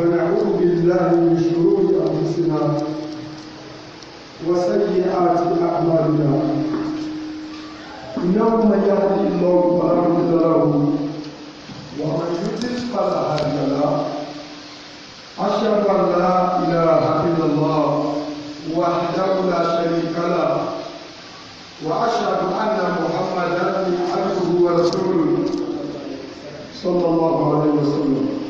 ونعوذ بالله من شرور أنفسنا وسيئات أعمالنا إنه من يهدي الله فلا مضل له ومن يضلل فلا هادي له أشهد أن لا إله إلا الله وحده لا شريك له وأشهد أن محمدا عبده ورسوله صلى الله عليه وسلم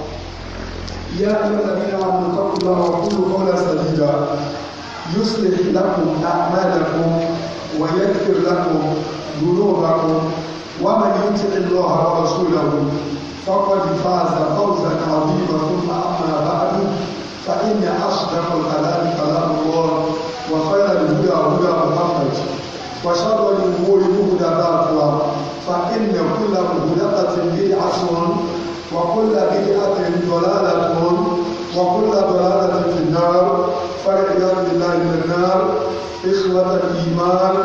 يا أيها الذين آمنوا اتقوا الله وقولوا قولا سديدا يصلح لكم أعمالكم ويغفر لكم ذنوبكم ومن يطع الله ورسوله فقد فاز فوزا عظيما ثم أما بعد فإن أصدق الكلام كلام الله وخير الهدى هدى محمد وشر الأمور مهدفاتها فإن كل مهدفة بدعة وكل بدعة ضلالة وكل ضلالة في النار فالعياذ بالله من النار إخوة الإيمان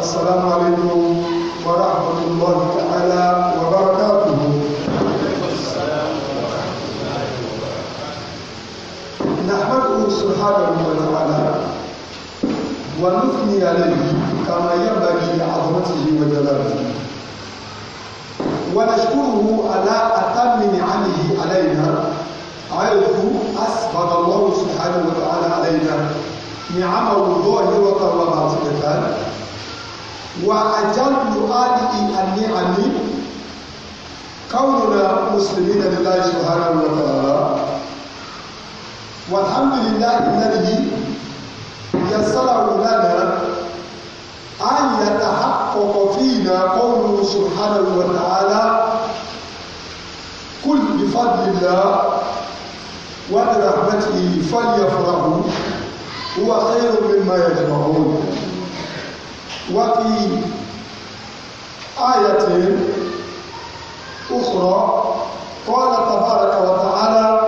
السلام عليكم ورحمة الله تعالى وبركاته نحمده سبحانه وتعالى ونثني عليه كما ينبغي لعظمته وجلاله ونشكره على أتم نعمه علينا عرفوا أسبغ الله سبحانه وتعالى علينا نعمه الظاهرة والباطنة وأجل هذه النعم كوننا مسلمين لله سبحانه وتعالى والحمد لله الذي يسره لنا أن يتحقق فينا قوله سبحانه وتعالى كل بفضل الله وبرحمته فليفرحوا هو خير مما يجمعون وفي آية أخرى قال تبارك وتعالى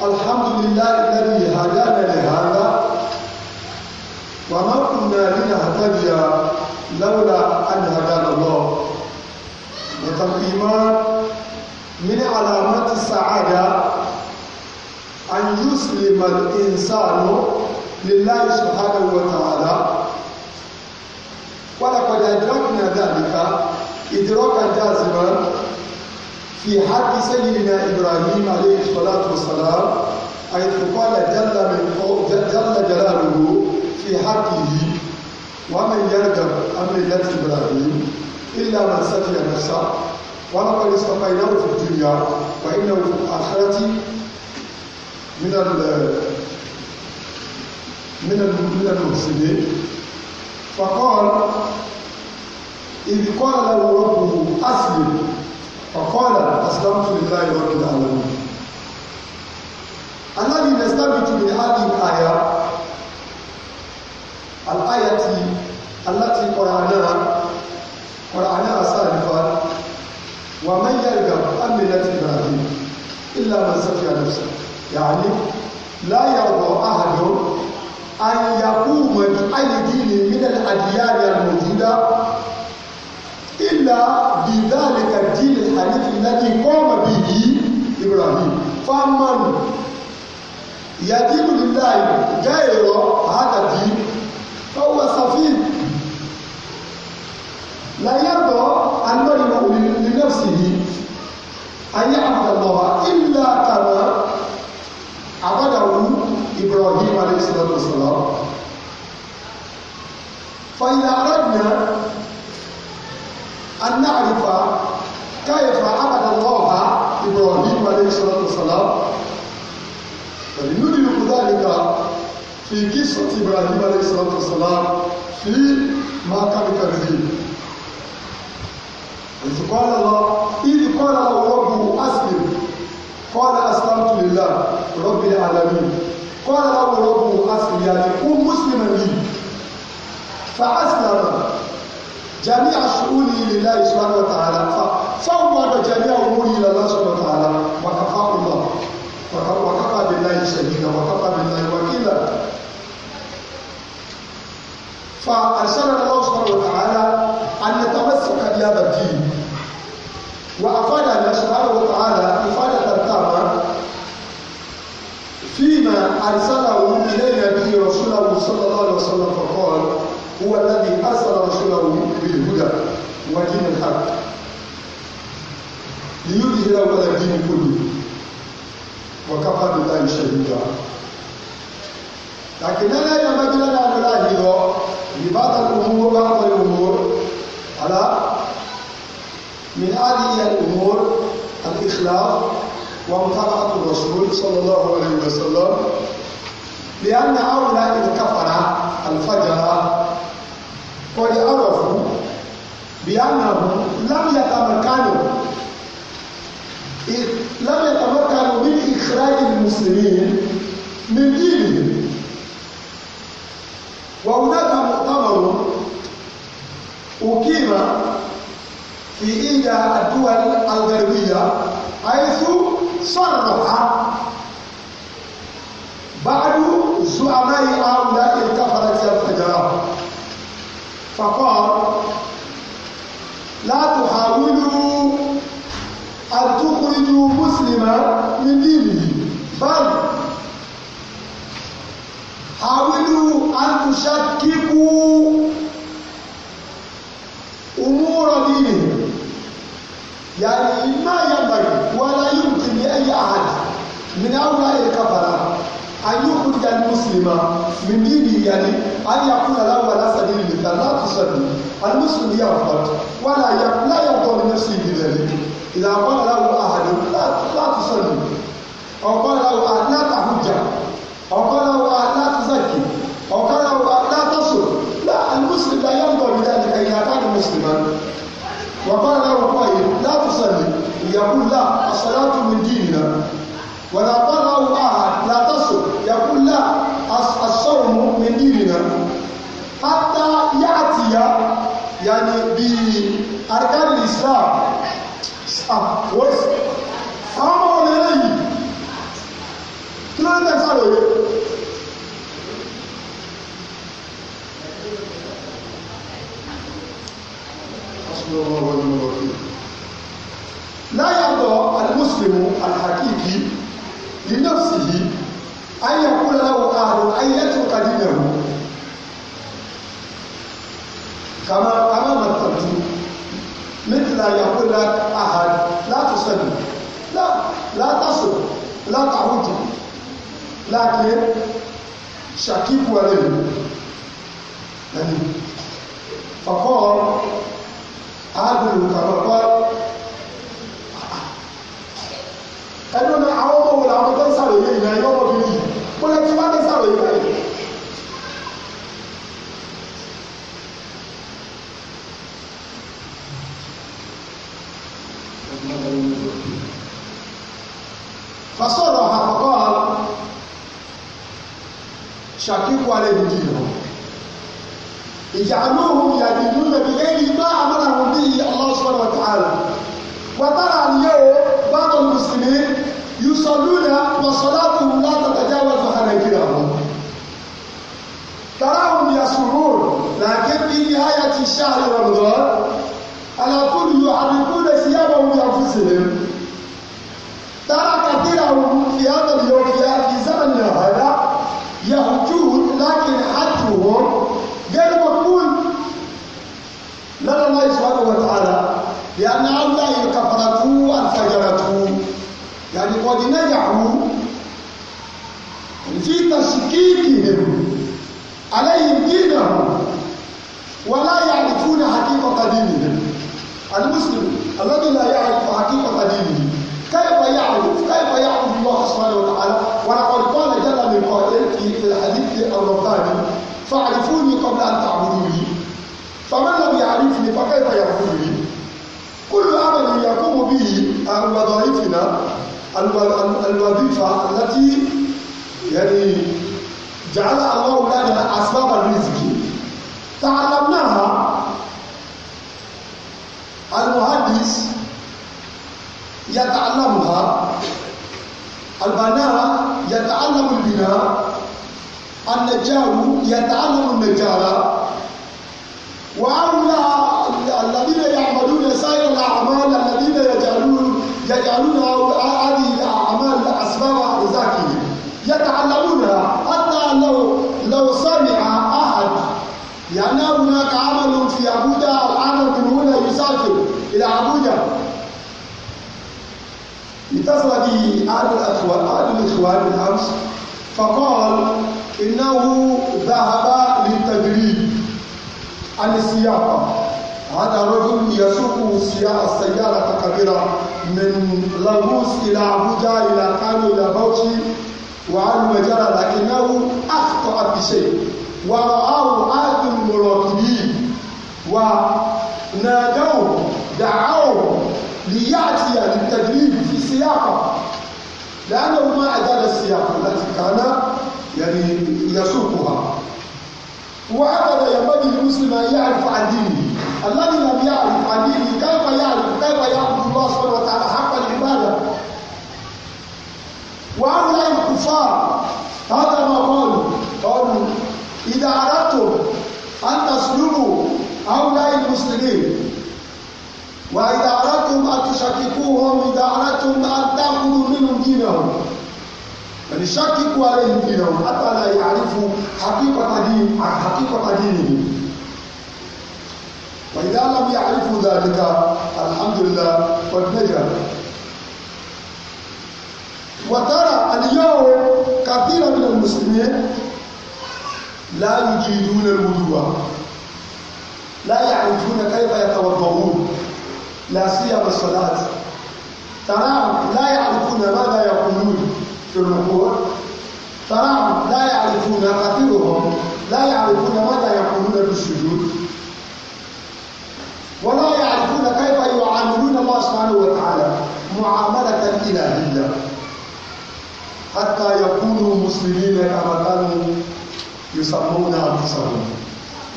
الحمد لله الذي هدانا لهذا وما كنا لنهتدي لولا أن هدانا الله وتقييمان من علامات السعادة يسلم الإنسان لله سبحانه وتعالى ولقد أدركنا ذلك إدراكا جازما في حق سيدنا إبراهيم عليه الصلاة والسلام حيث قال جل من جل جلاله في حقه ومن يرغب عن ملة إبراهيم إلا من سفي نفسه ولقد اصطفيناه في الدنيا وإنه في الآخرة من من من المفسدين فقال إذ قال له ربه أسلم فقال أسلمت لله رب العالمين الذي نستمت من هذه الآية الآية التي قرأناها قرأناها سالفا ومن يرغب عن ملة إبراهيم إلا من سفي نفسه yàní láyàwó àhàdó àyàkú mọ̀bí ayìdíni mílẹ̀ àdìyàrí àmọ̀júdá ìlà bìdáàlìkà dínì àníkì láti kọ́mọ̀ bí i Ibrahim fámánù ìyàdínú níláì gáèrọ àádàdí ọwọ́ sàfíì láyàbọ̀ anọ́rìnà òlìlẹ́sì yìí ayé àbàlọ́wà ìlà Ibrahim alayhi salatu wa salam فإذا أردنا أن نعرف كيف عبد الله إبراهيم عليه الصلاة والسلام فلندرك ذلك في قصة إبراهيم عليه الصلاة والسلام في ما كان كرهين إذ قال الله إذ قال له ربه أسلم قال أسلمت لله رب العالمين قال له ربه أسلم كن مسلما لي فأسلم جميع شؤونه لله سبحانه وتعالى ففوض جميع أموره إلى الله سبحانه وتعالى وكفاه الله وكفى بالله شهيدا وكفى بالله وكيلا فأرسلنا الله سبحانه وتعالى أن نتمسك بهذا الدين وأفادنا سبحانه وتعالى إفادة فيما أرسله إلينا به رسوله صلى الله عليه وسلم فقال هو الذي أرسل رسوله بالهدى ودين الحق ليظهره على الدين كله وكفى بالله شهيدا لكن لا ينبغي لنا أن نلاحظ لبعض الأمور بعض الأمور على من هذه الأمور الإخلاص ومطابقة الرسول صلى الله عليه وسلم لأن هؤلاء الكفره كفر الفجر قد عرفوا بأنهم لم يتمكنوا إيه، لم يتمكنوا من إخراج المسلمين من دينهم وهناك مؤتمر أقيم في إحدى الدول الغربية حيث صرح بعد زعماء هؤلاء انتفلت الفجرات فقال لا تحاولوا أن تخرجوا مسلما من دينه بل حاولوا أن تشككوا أمور دينه يعني ما يعني أي أحد من هؤلاء الكفرة أن يخرج المسلم من دينه يعني أن يقول لا ولا سبيل المثال لا تصلي المسلم يغفر ولا لا يرضى لنفسه بذلك إذا قال له أحد لا لا تصلي أو قال له أحد لا تحج أو قال له أحد لا تزكي أو قال له أحد لا تصل لا المسلم لا يرضى بذلك إذا كان مسلما وقال له قائل لا تصلي يقول لا الصلاة من ولو أحد لا تصل يقول لا الصوم من ديننا حتى يأتي يعني بأركان الإسلام àwọn ọmọ ọmọ ẹlẹ́yìn kí ló ń tẹ̀ sàròyé láyàtọ̀ alimuslimu alhakiki لنفسه أن يقول له أهل أن يترك دينه كما كما مثلت مثل أن يقول لك أحد لا تصلي لا لا تصل لا تعود لكن شكيك عليه يعني فقال عادل كما قال ẹni wọn àwọn ọmọ wo làwọn tó ń sàròyé ìyá ẹni ọmọ bíi yìí wọn lè ti bá tó sàròyé báyìí. fasọ̀rọ̀ àkọ́kọ́ ṣàkíkù alẹ́ nìdí rẹ̀ ìjà àlóhùn ìyàdìdú rẹ̀ bí lẹ́yìn bá àmọ́ràn bí Allah subhanahu wa wàtàrà àníyẹ o báwọn mùsùlùmí yusọlúnà wàsọlátù látàtàjà wà fàkàrà ìkìlà wọn. taráhùn yasùrù làákẹ́ bí ní àyà ti ṣáà lọ́dọ̀ àlàkùn yóò àdìkú lè sí yàgò wúyà fún sílẹ̀. ترى كثيرهم في هذا اليوم في زمن هذا يهجون لكن حجهم غير مقبول لدى الله سبحانه وتعالى لأن دينهم عليهم دينهم ولا يعرفون حقيقة دينهم المسلم الذي لا يعرف حقيقة دينه كيف يعرف كيف يعرف الله سبحانه وتعالى ولقد قال جل من قائل في الحديث الرباني فاعرفوني قبل أن تعبدوني فمن لم يعرفني فكيف يعبدني كل عمل يقوم به عن وظائفنا الوظيفة التي يعني جعل الله لنا أسباب الرزق تعلمناها المهندس يتعلمها البناء يتعلم البناء النجار يتعلم النجارة وأولى الذين يعملون سائر الأعمال الذين يجعلون يجعلون هذه الأعمال أسباب رزقهم يتعلمون لو سمع أحد لأن هناك عمل في عبودة العمل من هنا يسافر إلى عبودة اتصل به أحد الأخوان أحد الإخوان بالأمس فقال إنه ذهب للتدريب عن السياقة هذا رجل يسوق السيارة كبيرة من لاغوس إلى عبودة إلى كانو إلى بوشي وعلم جرى لكنه أخطأ بشيء ورآه عاد المراقبين ونادوه دعوه ليأتي للتدريب في سياقه لأنه ما عدا السياقة التي كان يعني يسوقها وهكذا ينبغي المسلم أن يعرف عن دينه الذي لم يعرف عن دينه كيف يعرف كيف يعبد الله سبحانه وتعالى حق العبادة وهؤلاء الكفار هذا ما قالوا قالوا إذا أردتم أن تسلبوا هؤلاء المسلمين وإذا أردتم أن تشككوهم إذا أردتم أن تأخذوا منهم دينهم فليشككوا يعني عليهم دينهم حتى لا يعرفوا حقيقة دين حقيقة دينهم وإذا لم يعرفوا ذلك الحمد لله قد نجا وترى اليوم كثير من المسلمين لا يجيدون الوضوء لا يعرفون كيف يتوضؤون لا سيما الصلاة تراهم لا يعرفون ماذا يقولون في الركوع تراهم لا يعرفون كثيرهم لا يعرفون ماذا يقولون في السجود ولا يعرفون كيف يعاملون الله سبحانه وتعالى معاملة إلهية حتى يكونوا مسلمين كما كانوا يسمون أنفسهم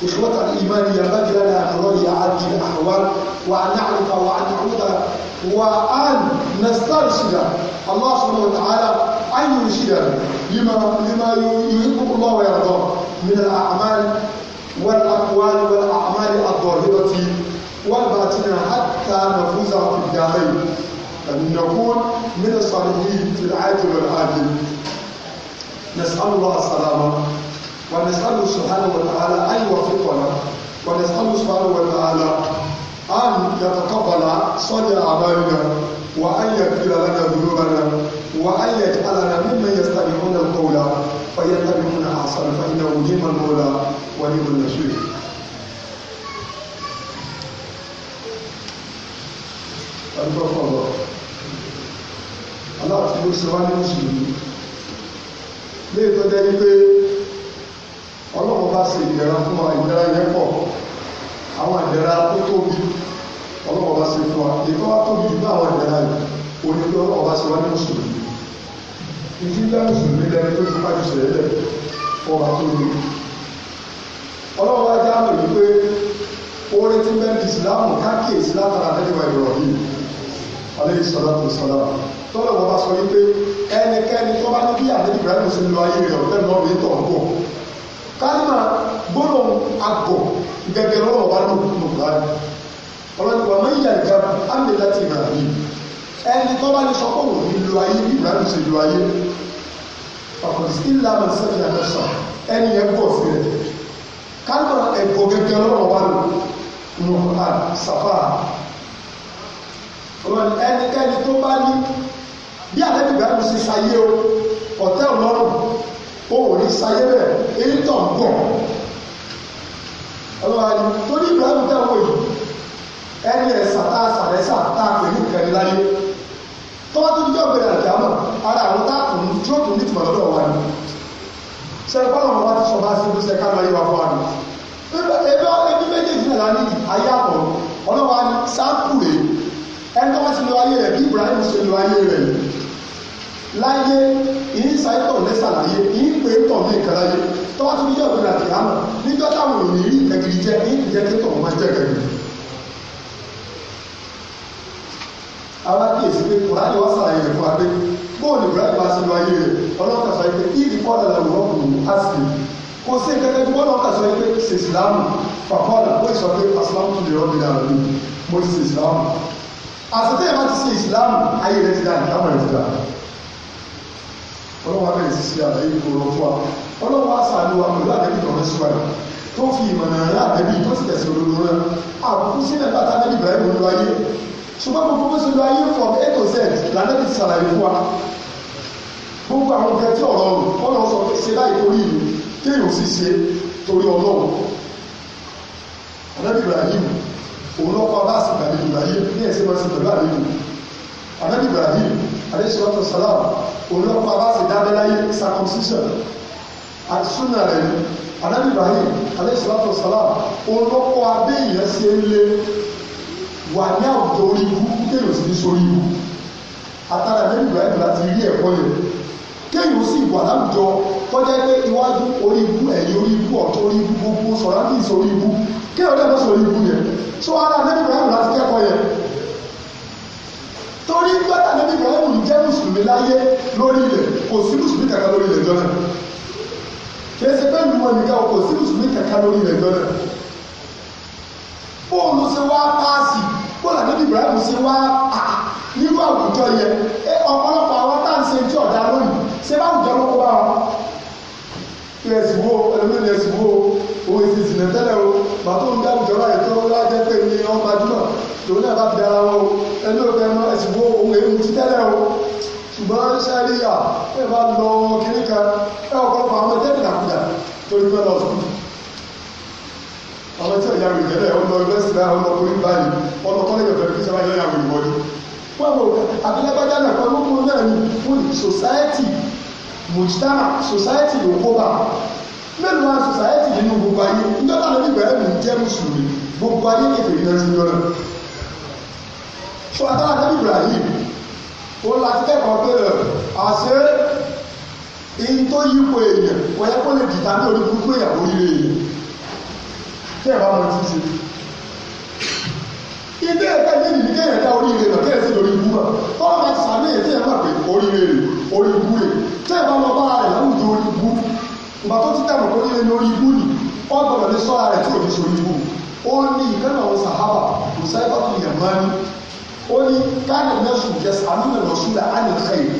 إخوة الإيمان ينبغي لنا أن نراجع هذه الأحوال وأن نعرف وأن نعود وأن نسترشد الله سبحانه وتعالى أن يرشدنا لما لما يحب الله ويرضاه من الأعمال والأقوال والأعمال الظاهرة والباطنة حتى نفوز في الدارين أن نكون من الصالحين في العاجل والعاجل نسأل الله السلامة الله سبحانه وتعالى أن يوفقنا الله سبحانه وتعالى أن يتقبل صالح أعمالنا وأن يغفر لنا ذنوبنا وأن يجعلنا ممن يستمعون القول فيتبعون أحسن فإنه نعم المولى ونعم النصير ọdún fọlọ aláàtí ló ṣe wá ní mùsùlùmí ní ètò jẹ́ wípé ọlọ́run bá o ìdẹ̀ra fún wa ìdẹ̀ra yẹn pọ̀ àwọn ìdẹ̀ra tó tóbi ọlọ́run bá ṣe fún wa ìkọ́ wa tóbi jù náà àwọn ìdẹ̀ra yìí òní pé ọlọ́run bá ṣe wá ní mùsùlùmí ìdí jẹ́ mùsùlùmí lẹni tó ti pàjù sẹ́lẹ̀ fọwọ́ tóbi ọlọ́run bá já lò wípé oore tí bẹ́ẹ̀ di ìsìlámù káàkiri ìsìlámù àtẹ́lẹ́wà ìrọ̀lẹ́ alẹ́ sọlá tó sọlá tọ́lọ̀ wọn bá sọ wípé ẹnikẹ́ni tó bá ní bí àdébí Ibrahim ṣe lọ ayé rẹ̀ ọ̀tẹ́ náà lè tọ̀ ń bọ̀ kálímà gbọ́dọ̀ àgọ̀ gẹ́gẹ́ lọ́wọ́ wa ló kú lọ́wọ́ ọlọ́dún wa máa ń yà ìjà ámì láti Ibrahim ẹni tó bá ní sọ pé òun lo ayé bí Ibrahim ṣe lo ayé ọkọ̀ sí ìlànà sẹ́fì àdọ́sà ẹni ẹ̀bọ̀ sí rẹ̀ kálímà ẹ̀bọ̀ gẹ́gẹ́ lọ́wọ́ wa ló kú nínú Quran safa ẹnikẹ́ni tó bá ní bí àlẹ́bí bẹ́ẹ̀ ló ṣe ṣayé o ọ̀tẹ́ ọlọ́run ó wò ní ṣayé bẹ́ẹ̀ èyí tọ̀ ń bọ̀ ọlọ́run tó ní Ibrahim tẹ̀wọ̀ yìí ẹni ẹ̀sà tá a sàrẹ́sà tá a pè ní ìkẹrin láyé tọ́wọ́ tó dídọ́ gbẹ̀rẹ̀ àjàmọ̀ ara àwọn tá a kùn tó kùn ní tìmọ̀lọ́dọ̀ wa ni ṣe é kọ́ ọ̀run wa ti sọ bá sí ibi iṣẹ́ ká lọ yí wa fún wa ni ebe ebi méjèèjì náà ní àyàbọ̀ ọlọ́wà ní sáàpù rẹ̀ ẹni tó wá sí lo ayé rẹ̀ bí Ibrahim ṣe lo ayé rẹ̀ láyé ìyíṣàìtọ̀ lẹ́sàlàyé ìyípe tọ̀ ní ìkàláyé tó wá tún níjọ́ ìgbéra kì á mọ̀ níjọ́ táwọn òní rí ìtẹ̀gìrì jẹ́ ìyíjẹ́ kí tọ̀ máa jẹ́ kẹ̀kẹ́ alákìyèsí pé kùránì wá sàlàyé rẹ̀ fún adé bóòlù Ibrahim bá ṣe lo ayé rẹ̀ ọlọ́kàṣà ìpè kí ìdíkọ́ kò sí nǹkan tí wọ́n lọ kà sọ pé ṣe ìsìlámù fàkọ́ọ̀dà ó sọ pé asìlámù tún lè rọ́bì náà ní mo ti ṣe ìsìlámù àṣetẹ́ yẹn bá ti ṣe ìsìlámù ayé rẹ ti dá ìdámọ̀ rẹ ti dá ọlọ́wọ́ abẹ́rẹ́ ti ṣe àlàyé ìkòrò fún wa ọlọ́wọ́ aṣáájú wa pẹ̀lú àdébí tọ̀rẹ́ sí wa tó fi ìmọ̀nà rẹ̀ àdébí tó sì tẹ̀sí olóró rẹ̀ àkókò sílẹ̀ bàtà àdébí bẹ̀rẹ̀ mọ́ lọ ayé ṣùgbọ́n gbogbo bó ṣe lọ ayé from a to z làdébí ti ṣàlàyé fún wa gbogbo àwọn ọ̀gá tí ọ̀rọ̀ ọ̀rọ̀ ọ̀rọ̀ sọ ṣe báyìí torí ìlú téèyàn sì ṣe torí ọlọ́run ànábì Ibrahim òun lọ́kọ́ aláàsì tàbí Ibrahim ní ẹ̀sìn máa ń ṣe pẹ̀lú àlejò ànábì Ibrahim alẹ́sọ̀tọ̀ salam òun lọ́kọ́ aláàsì dábẹ́láyé circumcision àti súnà rẹ̀ ànábì Ibrahim alẹ́sọ̀tọ̀ salam òun lọ́kọ́ abẹ́yẹn ṣe ń lé wà ní àwùjọ orí ibú téèyàn sì ní sórí ibú àtàrà kéèyàn sì wà láwùjọ kọjá pé iwájú orí ibú ẹ̀yìn orí ibú ọ̀tún orí ibú gbogbo sọ̀rọ̀ ní ìsọ̀rí ibú kéèyàn dẹ̀ lọ́sọ̀rọ̀ ibú yẹn so ara nẹ́bí ibrahim láti kẹ́kọ̀ọ́ yẹn torí gbọ́dọ̀ nẹ́bí ibrahim jẹ́ mùsùlùmí láyé lórí ilẹ̀ kò sí mùsùlùmí kankan lórí ilẹ̀ jọ́nà kèsì pé ìlú wọn nìkan kò sí mùsùlùmí kankan lórí ilẹ̀ jọ́nà bóòlù ṣe wá páàsì bóòlù nẹ́bí ibrahim ṣe wá nígbà àwùjọ yẹn ọ̀pọ̀lọpọ̀ àwọn táǹsẹ̀ tí ọ̀dà lónìí ṣé bá àwùjọ ló kó bá wa ilẹ̀ sì wo ẹlòmí ilẹ̀ sì wo òwe sì sì nẹ́tẹ́lẹ̀ o bàtó ń dá àwùjọ láyé tó lájẹ́ pé ní ọ́n gbajúmọ̀ lòun náà bá fi dára wọn o ẹni ò fẹ́ mọ́ ẹ̀sìn wo òun èyí ti tẹ́lẹ̀ o ṣùgbọ́n sẹ́rí yà ẹ bá lọ kiri kan ẹ ọ̀pọ̀lọpọ̀ àwọn ẹ̀jẹ̀ ìdàkúdà torí fẹ́ lọ sùn àwọn tí ọ̀yà rẹ̀ tẹ́lẹ̀ ọ̀nà yunifásitì náà ọ̀nà orí báyìí ọ̀nà kọ́lẹ́jì ọ̀fẹ́ kí sábà yẹn yà wọ̀ ìwọ́dí. wọ́n wọ abilábájá náà pẹ̀lú ọkùnrin náà ní fún society mùsítàmà sòsáyẹ́tì ló kó bá mélòó wa sòsáyẹ́tì nínú gbogbo ayé níjọba lórí ìbẹ̀rẹ̀ mi jẹ́ mùsùlùmí gbogbo ayé kékeré náà ti yọrọ sọ àtàwọn àdébí Ibrahim ó láti kẹ́kọ̀ọ́ pé rẹ̀ àṣẹ in tó yípo èèyàn wọ́n yẹ kó lè dìtà ní orí gbogbo ìyàwó ilé èèyàn tẹ́ ẹ̀ bá wọn ti ilé ẹ̀ka ilé nìyí kéèyàn dá oríire rẹ̀ kéèyàn sí lórí ibú rẹ̀ tọ́lá bá ti sàmì èyí téèyàn mọ̀ pé oríire rẹ̀ orí ibú rẹ̀ téèyàn bá lọ bá rẹ̀ láwùjọ orí ibú ìgbà tó ti dàgbà orí rẹ̀ lórí ibú nì ọgbọ̀dọ̀ ní sọ́ra rẹ̀ tí ò ní sórí ibú ó ní ìkẹ́nà àwọn sàhábà kò sáyẹ́fà tó yẹ mọ́ ní ó ní káàdì mẹ́sùn jẹ́sà àmúnà lọ́sùlà á ní ká yìí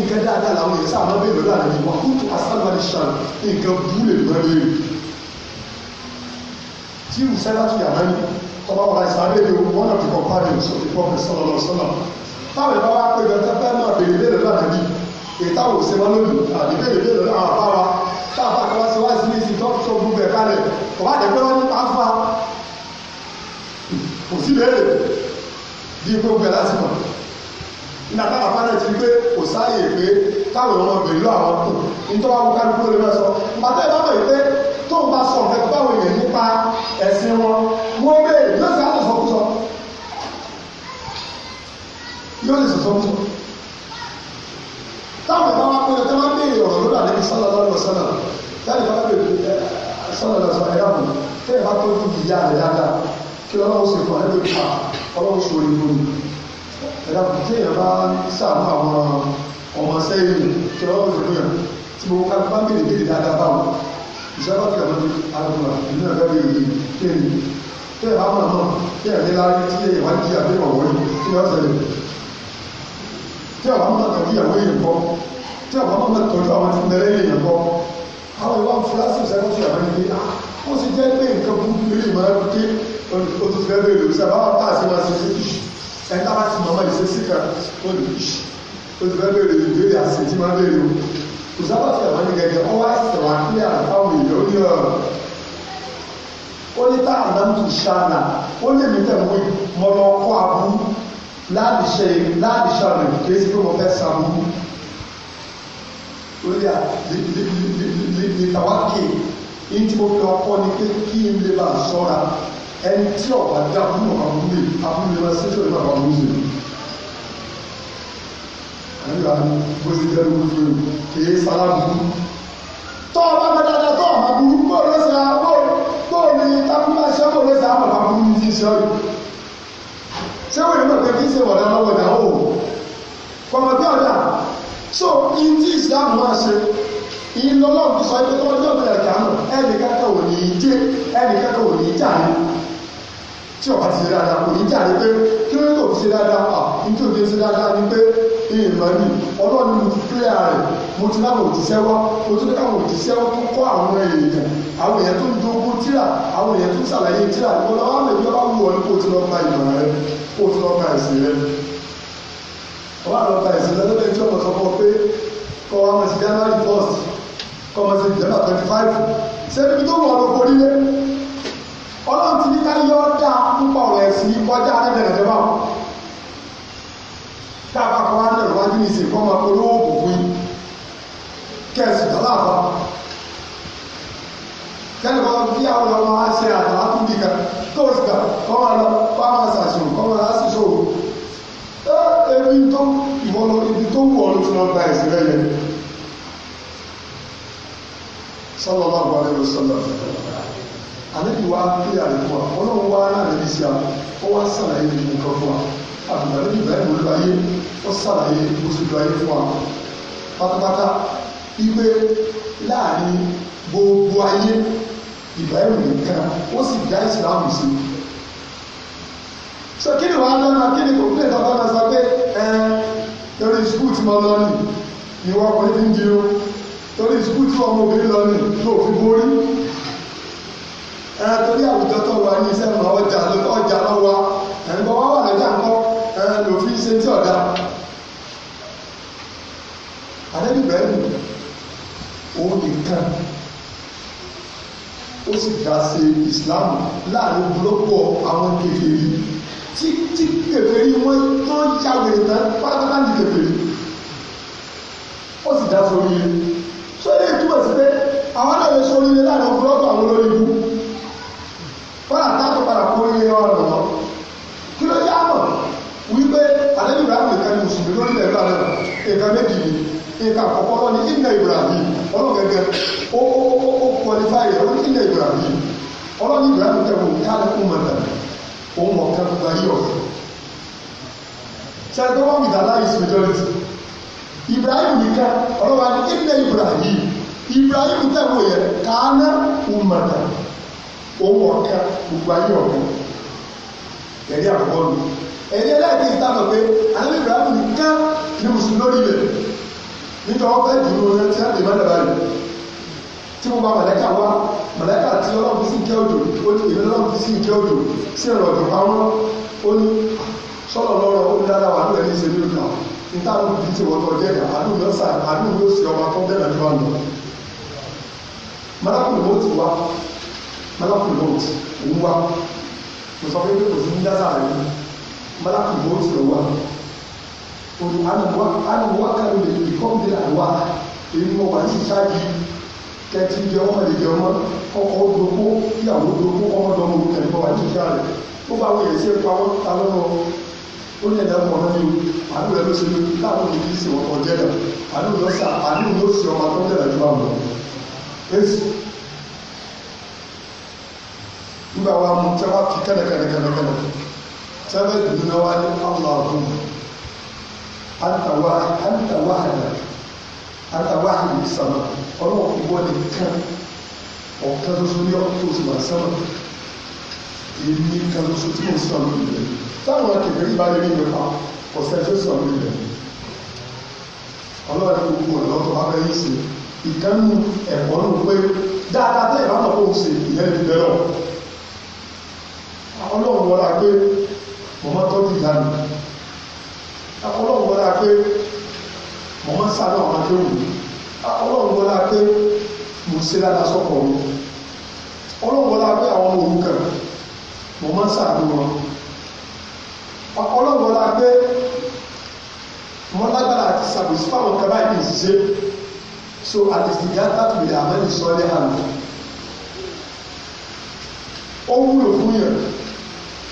nǹkan dáadáa làwọn èèyàn sáà máa bèèrè lọ́dọ̀ àlejò wọn kútu asálùmọ́lì ṣàn nǹkan bú lè mọ́ léèrè tí tọ́ba wa ìsàlẹ̀ yìí wọ́n náà ti kọ́ pàdé ìṣòro ìfọ́fẹ́ sọ́lọ́ lọ sọ́lọ́ táwọn ìbá wa pé bẹ́ẹ̀ tẹ́tẹ́ náà béèrè léèrè lọ́nà bí ètò àwọn òṣèlú lónìí àbí béèrè léèrè lọ́nà àbá wa táàbà kan wá sí wá sí ní ìsìn tọ́kítọ́ gbogbo ẹ̀ kalẹ̀ ọ̀bá àdẹ́gbẹ́ wọn nípa fa kò sí béèrè bí gbogbo ẹ̀ láti mọ̀ ní àtàwọn àpáná ti pé kò sáàyè pé káwọn ọmọ ìbèlú àwọn kù nítorí wọn kájú kúrò lè máa sọ bàtà ìbámu yìí pé tó ń bá sọ nǹkan báwọn èèyàn nípa ẹ̀sìn wọn wọn béèrè yóò sì àtọ̀ sọkúsọ yóò lè sọ sọkúsọ táwọn ìbá wa pé ẹjọ́ máa béèrè ọ̀rọ̀ lórí àdébí sọ́lá lọ́wọ́ sọ́lá láti bá béèrè sọ́lá lọ́wọ́ sọ́lá ẹ̀yà mọ̀ tẹ́ ẹ̀ bá tó dùn ìyá rẹ̀ dáadáa kí ọlọ́run sì fún ẹgbẹ́ ìfà ọlọ́run sì ẹ̀dá kò tí èèyàn bá àwọn ọmọ sẹ́yìn tí wọ́n wọ́n fún tí mo ká bá bèrè bèrè dáadáa báwo ìṣẹ́wọ́ ti àwọn àdúrà ìlú ẹ̀fẹ́ lè rí kéèrè tí èèyàn bá náà tí èèyàn nílá tí èèyàn wá àbí ọ̀wọ́ yìí tí wọ́n sẹ̀lẹ̀ tí àwọn ọmọ tọ́jú ìyàwó èèyàn kọ́ tí àwọn ọmọ tọ́jú àwọn ti mẹ́rẹ́ èèyàn kọ́ àwọn ìwà fúlásì ìṣẹ́wọ́ ti àwọn ẹni ẹni tá a bá ti mọ̀ ọmọ ìṣesí kan ó lè ó ti fẹ́ bèrè ìbéèrè àṣẹ tí máa bèrè o kò sábà fi àwọn gẹ́gẹ́ ọwọ́ àṣẹ wà ní àtàwọn èèyàn ó ní ọ̀rọ̀ ó ní tá àdámù ṣáàlà ó lè mí tẹ̀wé mọ́ lọ kọ́ abú láàbì ṣe láàbì ṣàlù kìí mo fẹ́ sàmú lórí à ẹni tí ọba dá fún ọba wúlé abúlé wa sétí ọba ọba wúlé àyíká bó ti dẹrù wúlé kéé sálábù tọ́ ọba gbẹdàgbà tọ́ ọba burú bó ló ṣe àbó bó ní tábúlà ṣe bó ló ṣe àbó ọba burú ní ti ṣe ọyọ ṣé wọ́n yẹn mọ̀ kí ṣe wọ̀dà lọ́wọ́dà ó kọ̀mọ̀dé ọ̀dà so ìdí ìsìlámù máa ṣe ìlọlọ́ọ̀dù sọ ẹgbẹ́ tó ọjọ́ ìbẹ̀rẹ̀ kàánù ẹnì kẹ́kẹ́ ò ní í jẹ́ ẹnì kẹ́kẹ́ ò ní í jà ní tí ọba ti ṣe dáadáa kò ní jà ní pé kí ló tó ṣe dáadáa à nítorí òde ṣe dáadáa ni pé èèmọ̀ ni ọlọ́run mo ti pílẹ̀ rẹ̀ mo ti láwọn òjíṣẹ́ wá mo tún láwọn òjíṣẹ́ wá tó kọ́ àwọn èèyàn àwọn èèyàn tó ń dogun tíra àwọn èèyàn tó ń ṣàlàyé tíra ìwọ lọ wá lẹ́yìn ọba wù ọ ní kó o ti lọ gba ìmọ̀ rẹ kó o ti lọ gba ẹ̀sìn rẹ ọba lọ gba ẹ̀sìn rẹ lọ́dẹ̀ tí ọmọ sọ fọ pé kọ́ ọmọ sí January first kọ́ ọmọ sí December twenty five ṣé ibi tó wọ̀ ọ́ lọ forí lé ọlọ́run ti ní ká yọ dá púpọ̀ rẹ̀ sí kọjá adẹ́bẹ̀rẹ̀ bá wọn tá a bá kọ́ wá lẹ́rù wájú ní ìsìn kọ́ máa polówó òkùnkùn yìí kẹ́ẹ̀sì dọ́là àbá kẹ́lẹ̀ máa bí àwọn ọmọ wa ṣe àtàlà tó bí kan tó o sì gbà kọ́ máa lọ kọ́ máa ṣàṣòro kọ́ máa ṣàṣòro ẹ ẹbí tó ìwọ lọ ibi tó wù ọ́ ló ti lọ gba ẹ̀sìn rẹ̀ yẹn sọ́lọ́ bá wà lẹ́nu sọ́lọ́ ànábì wa kílẹ̀ àlùkò wa ọlọ́run wa sí a ó wá sàlàyé gbogbo nǹkan fún wa àbùdá níbi ìbáyé mo lọ ayé ó sàlàyé bó ti lọ ayé fún wa pátápátá ipe láàrin gbogbo ayé ìbáyé nìkan ó sì dá ìsìlámù sí i sọ kí ni wàá dáná kí ni kò ń lè dábàá náà sọ pé ẹ torí sukùl tí mo lọ nì ìwọ ọkùnrin ti ń di o torí sukùl tí ọmọ obìnrin lọ nì ló fi borí ẹ̀ torí àwùjọ tó wà ní iṣẹ́ mọ̀ ọjà lọ́wọ́ ọjà lọ́wọ́ ẹ̀ ń bọ́ wá wà lọ́jà ńkọ́ ẹ̀ lòfin ṣe tí ọ̀dà. àdébí bẹ́ẹ̀ ni òun nìkan ó sì dá ṣe ìsìláàmù láàrin búlọ́pọ̀ àwọn kèfèrí tí tí kèfèrí wọn tán jáwèé tán pátápátá ní kèfèrí ó sì dá sórí ilé sórí ilé túbọ̀ sí pé àwọn náà lè sórí ilé láàrin búlọ́pọ̀ àwọn olórí ibú fọ́nà táwọn padà kó ilé ọ̀rọ̀ lọ kí ló yá mọ̀ wípé àlẹ́bí ibrahim kan ní mùsùlùmí lórí ilẹ̀ ìlú àlẹ́bí nǹkan méjì ni nǹkan àkọ́kọ́ lọ ní ilẹ̀ ibrahim ọlọ́gẹ́gẹ́ ó kọlifáyé ó ní ilẹ̀ ibrahim ọlọ́ni ibrahim tẹ̀wọ̀n káàkùn mọ̀tà òun ọ̀kan gba yíyọ̀ ṣẹ́gbẹ́ wọn with allah is majority ibrahim nìkan ọlọ́wà ní ilẹ̀ ibrahim ibrahim tẹ̀wọ̀n yẹ káàkùn mọ̀tà ohun ọ̀kan gbogbo ayé ọ̀kan ẹ̀rí àkọ́lù ẹ̀rí ẹlẹ́ẹ̀kejì tábọ̀ pé anábì ibrahim nìkan ní mùsùlùmí lórí ibẹ̀ nítorí wọn fẹ́ dùnú ọ̀nà tí wọ́n lè má dàbà rẹ̀ tí wọ́n bá mọ̀lẹ́kà wá mọ̀lẹ́kà tí ọlọ́run sì ń kẹ́ òjò ó ní ìlú ọlọ́run sì ń kẹ́ òjò sí ẹ̀rọ ọ̀dọ̀ pamọ́ ó ní sọ́lọ̀ lọ́rọ̀ ó ní dáadáa wà lóyún ẹ̀ṣẹ̀ ní ìlú níta ló fi ti wọ́n tọ́ jẹ́ ẹ̀dá àdúgbò ọ̀sà àdúgbò ó sì ọmọ akọ́ bẹ́ẹ̀ lọ́jọ́ àná mọ̀lẹ́kùnrin ó ti wá malakul mọ́t òun wá mo sọ pé kò sí ní dáadáa rẹ̀ malakul mọ́t lọ wá òun àlùwá àlùwá kan lè ìkọ́ǹdé àlùwá èyí mo wà ní ṣáájú kẹtí jẹ ọmọ lè jẹ ọmọ kọkọ dogbo ìyàwó dogbo ọmọ dọmọ kẹtí mo wà ní ṣáájú ó bá wọ èsì ẹ̀kọ́ àwọn ta lọ́wọ́ ó ní ẹ̀dá ọmọ náà ní o àánú rẹ ló ṣe ló láwọn òbí kì í ṣe wọn kọjá náà àánú ló ṣe àánú ló ṣe ọmọ akọ́jọ́ náà ju nígbà wa mú tí wọ́n fi kẹ́lẹ̀kẹ́lẹ̀kẹ́lẹ̀ sábẹ́ ìdùnnú wa ní ọlọ́ọ̀dún àtàwà àtàwà àdà àtàwà àdà sàmà ọlọ́wọ́ ìwọ́ ni kán ọ̀kan tuntun ní ọ̀kan tó sì máa sàmà èmi kan tuntun tí mo sàmà nílẹ̀ táwọn akẹ́kẹ́ bá rí mi pa ọ̀sẹ̀ tó sàmà nílẹ̀ ọlọ́ọ̀dún gbogbo ọ̀nà ọ̀tọ̀ abẹ́ yìí ṣe ìkànnì ẹ̀kọ́ ló pé dáadáa tẹ́ ìbámu kó o ìyẹn ti ọlọ́run wọlá pé mọ̀mọ́ tọ́jú ìdáná ọlọ́run wọlá pé mọ̀mọ́ sáré ọ̀rọ̀ akéwì ọlọ́run wọlá pé mo ṣe dáadáa sọ́kọ̀ mi ọlọ́run wọlá pé àwọn ọmọ òrukàn mọ̀mọ́ sáré wọn ọlọ́run wọlá pé mọ́ lágbára so àtẹ̀síyá látòlè àmọ́ ìṣọ́lẹ̀ àná ó wúlò fún yẹn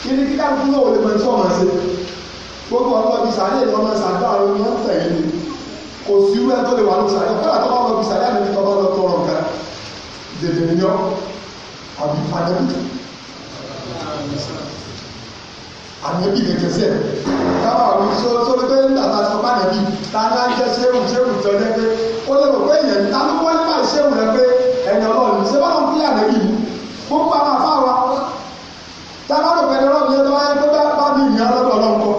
níbi tí kálukú náà ò lè mọ tí ọmọ ṣe gbogbo ọlọ́ bí sàárè ni ọmọ sàdúrà ló ń tẹ̀lé ni kò sí irú ẹ tó lè wà ló sàárè kọ́lá tó bá lọ bí sàárè àmì tó bá lọ tó rọ̀ nǹkan dèdè níyọ́ àbí fàdébìtì ànẹ́bí kẹ̀kẹ́ sẹ̀ káwọn àwọn sọ́sọ́rí pé nígbàtà sọ bá nẹ́bí ta ní án jẹ́ sẹ́wù sẹ́wù tó jẹ́ pé ó lè rò pé èèyàn ta ló wọ́n nípa ìṣẹ́wù rẹ̀ pé ẹ̀yàn ọlọ́run ṣé bá lọ́n fún yà nẹ́bí mú gbogbo àwọn afáwa tábàdò pẹ̀lú ọlọ́run yẹn tó wáyé pé bá bí ìyá lọ́dọ̀ ọlọ́run kọ́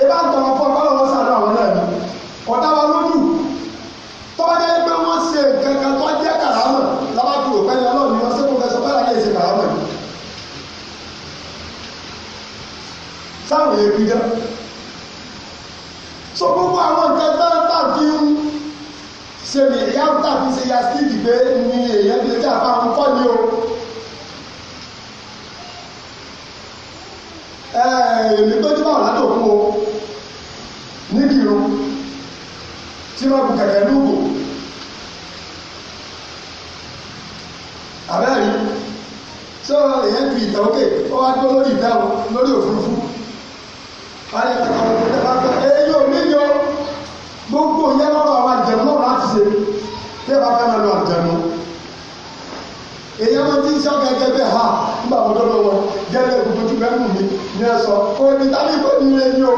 ẹ bá ń tọrọ fún ọgbọ́n lọ́wọ́ sàdọ̀ àwọn náà ni ọ̀dá wa lójú tọ́jà pé wọ́n ṣe kankan tó jẹ́ kàrámà lábàbí òpẹ́ni ọlọ́run ni wọ́n ṣe kó fẹsẹ̀ pẹ́lá yẹn ṣe kàrámà ni. sáwọn èèyàn bí dá so gbogbo àwọn nǹkan táńtà fi ń ṣe nìyá tàbí ṣe ya stíìkì pé ní èèyàn lè jà fáwọn kọ́ ni o. èmi tó jí báwọn ládò o níbi irun tí wọ́n bu kẹ̀kẹ́ lóògùn àbẹ́rẹ́ sọ èyàn fi ìtàn òkè ó wá dúró lórí ìdáhùn lórí òfurufú wáyé kẹkọọ ní ẹsọ kó ní tálí kó ní ilé ní o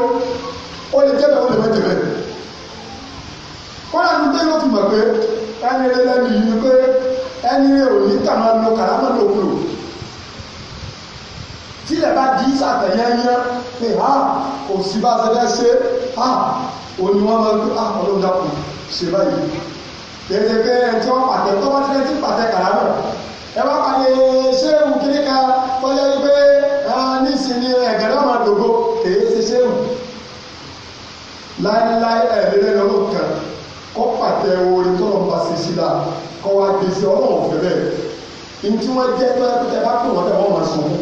ó lè jẹbẹ ó lè mẹjẹbẹ kó lẹnu tẹ yóò tún mọ pé ẹni rẹ lẹnu yìí ni pé ẹni rẹ ò ní tà máa lo kàrà máa lo kúrò tílẹ̀ bá di sàtẹ̀yẹ́yẹ́ pé ha kò sí bá ṣẹlẹ̀ ṣe ha òní wọn máa gbé àwọn olóńdàkùn ṣe báyìí tẹ̀lé pé ẹni tí wọ́n pàtẹ tó bá tẹ́lẹ̀ tí pàtẹ kàrà náà ẹ bá pàdé ṣé ewu kékeré kan tọ́jú oríṣiríṣi ẹ̀gẹ́ náà máa dògbò kèé ṣe ṣéwù láíláí ẹ̀ẹ́dẹ́gbẹ́ lọ́wọ́ kan kọ́ pàtẹ orin tó lọ́n bá ṣe sí la kọ́ wa gbé sí ọlọ́run ọ̀fẹ́ bẹ́ẹ̀ ní tí wọ́n jẹ́ pé ẹ bá pè wọ́n tẹ̀ wọ́n máa sùn.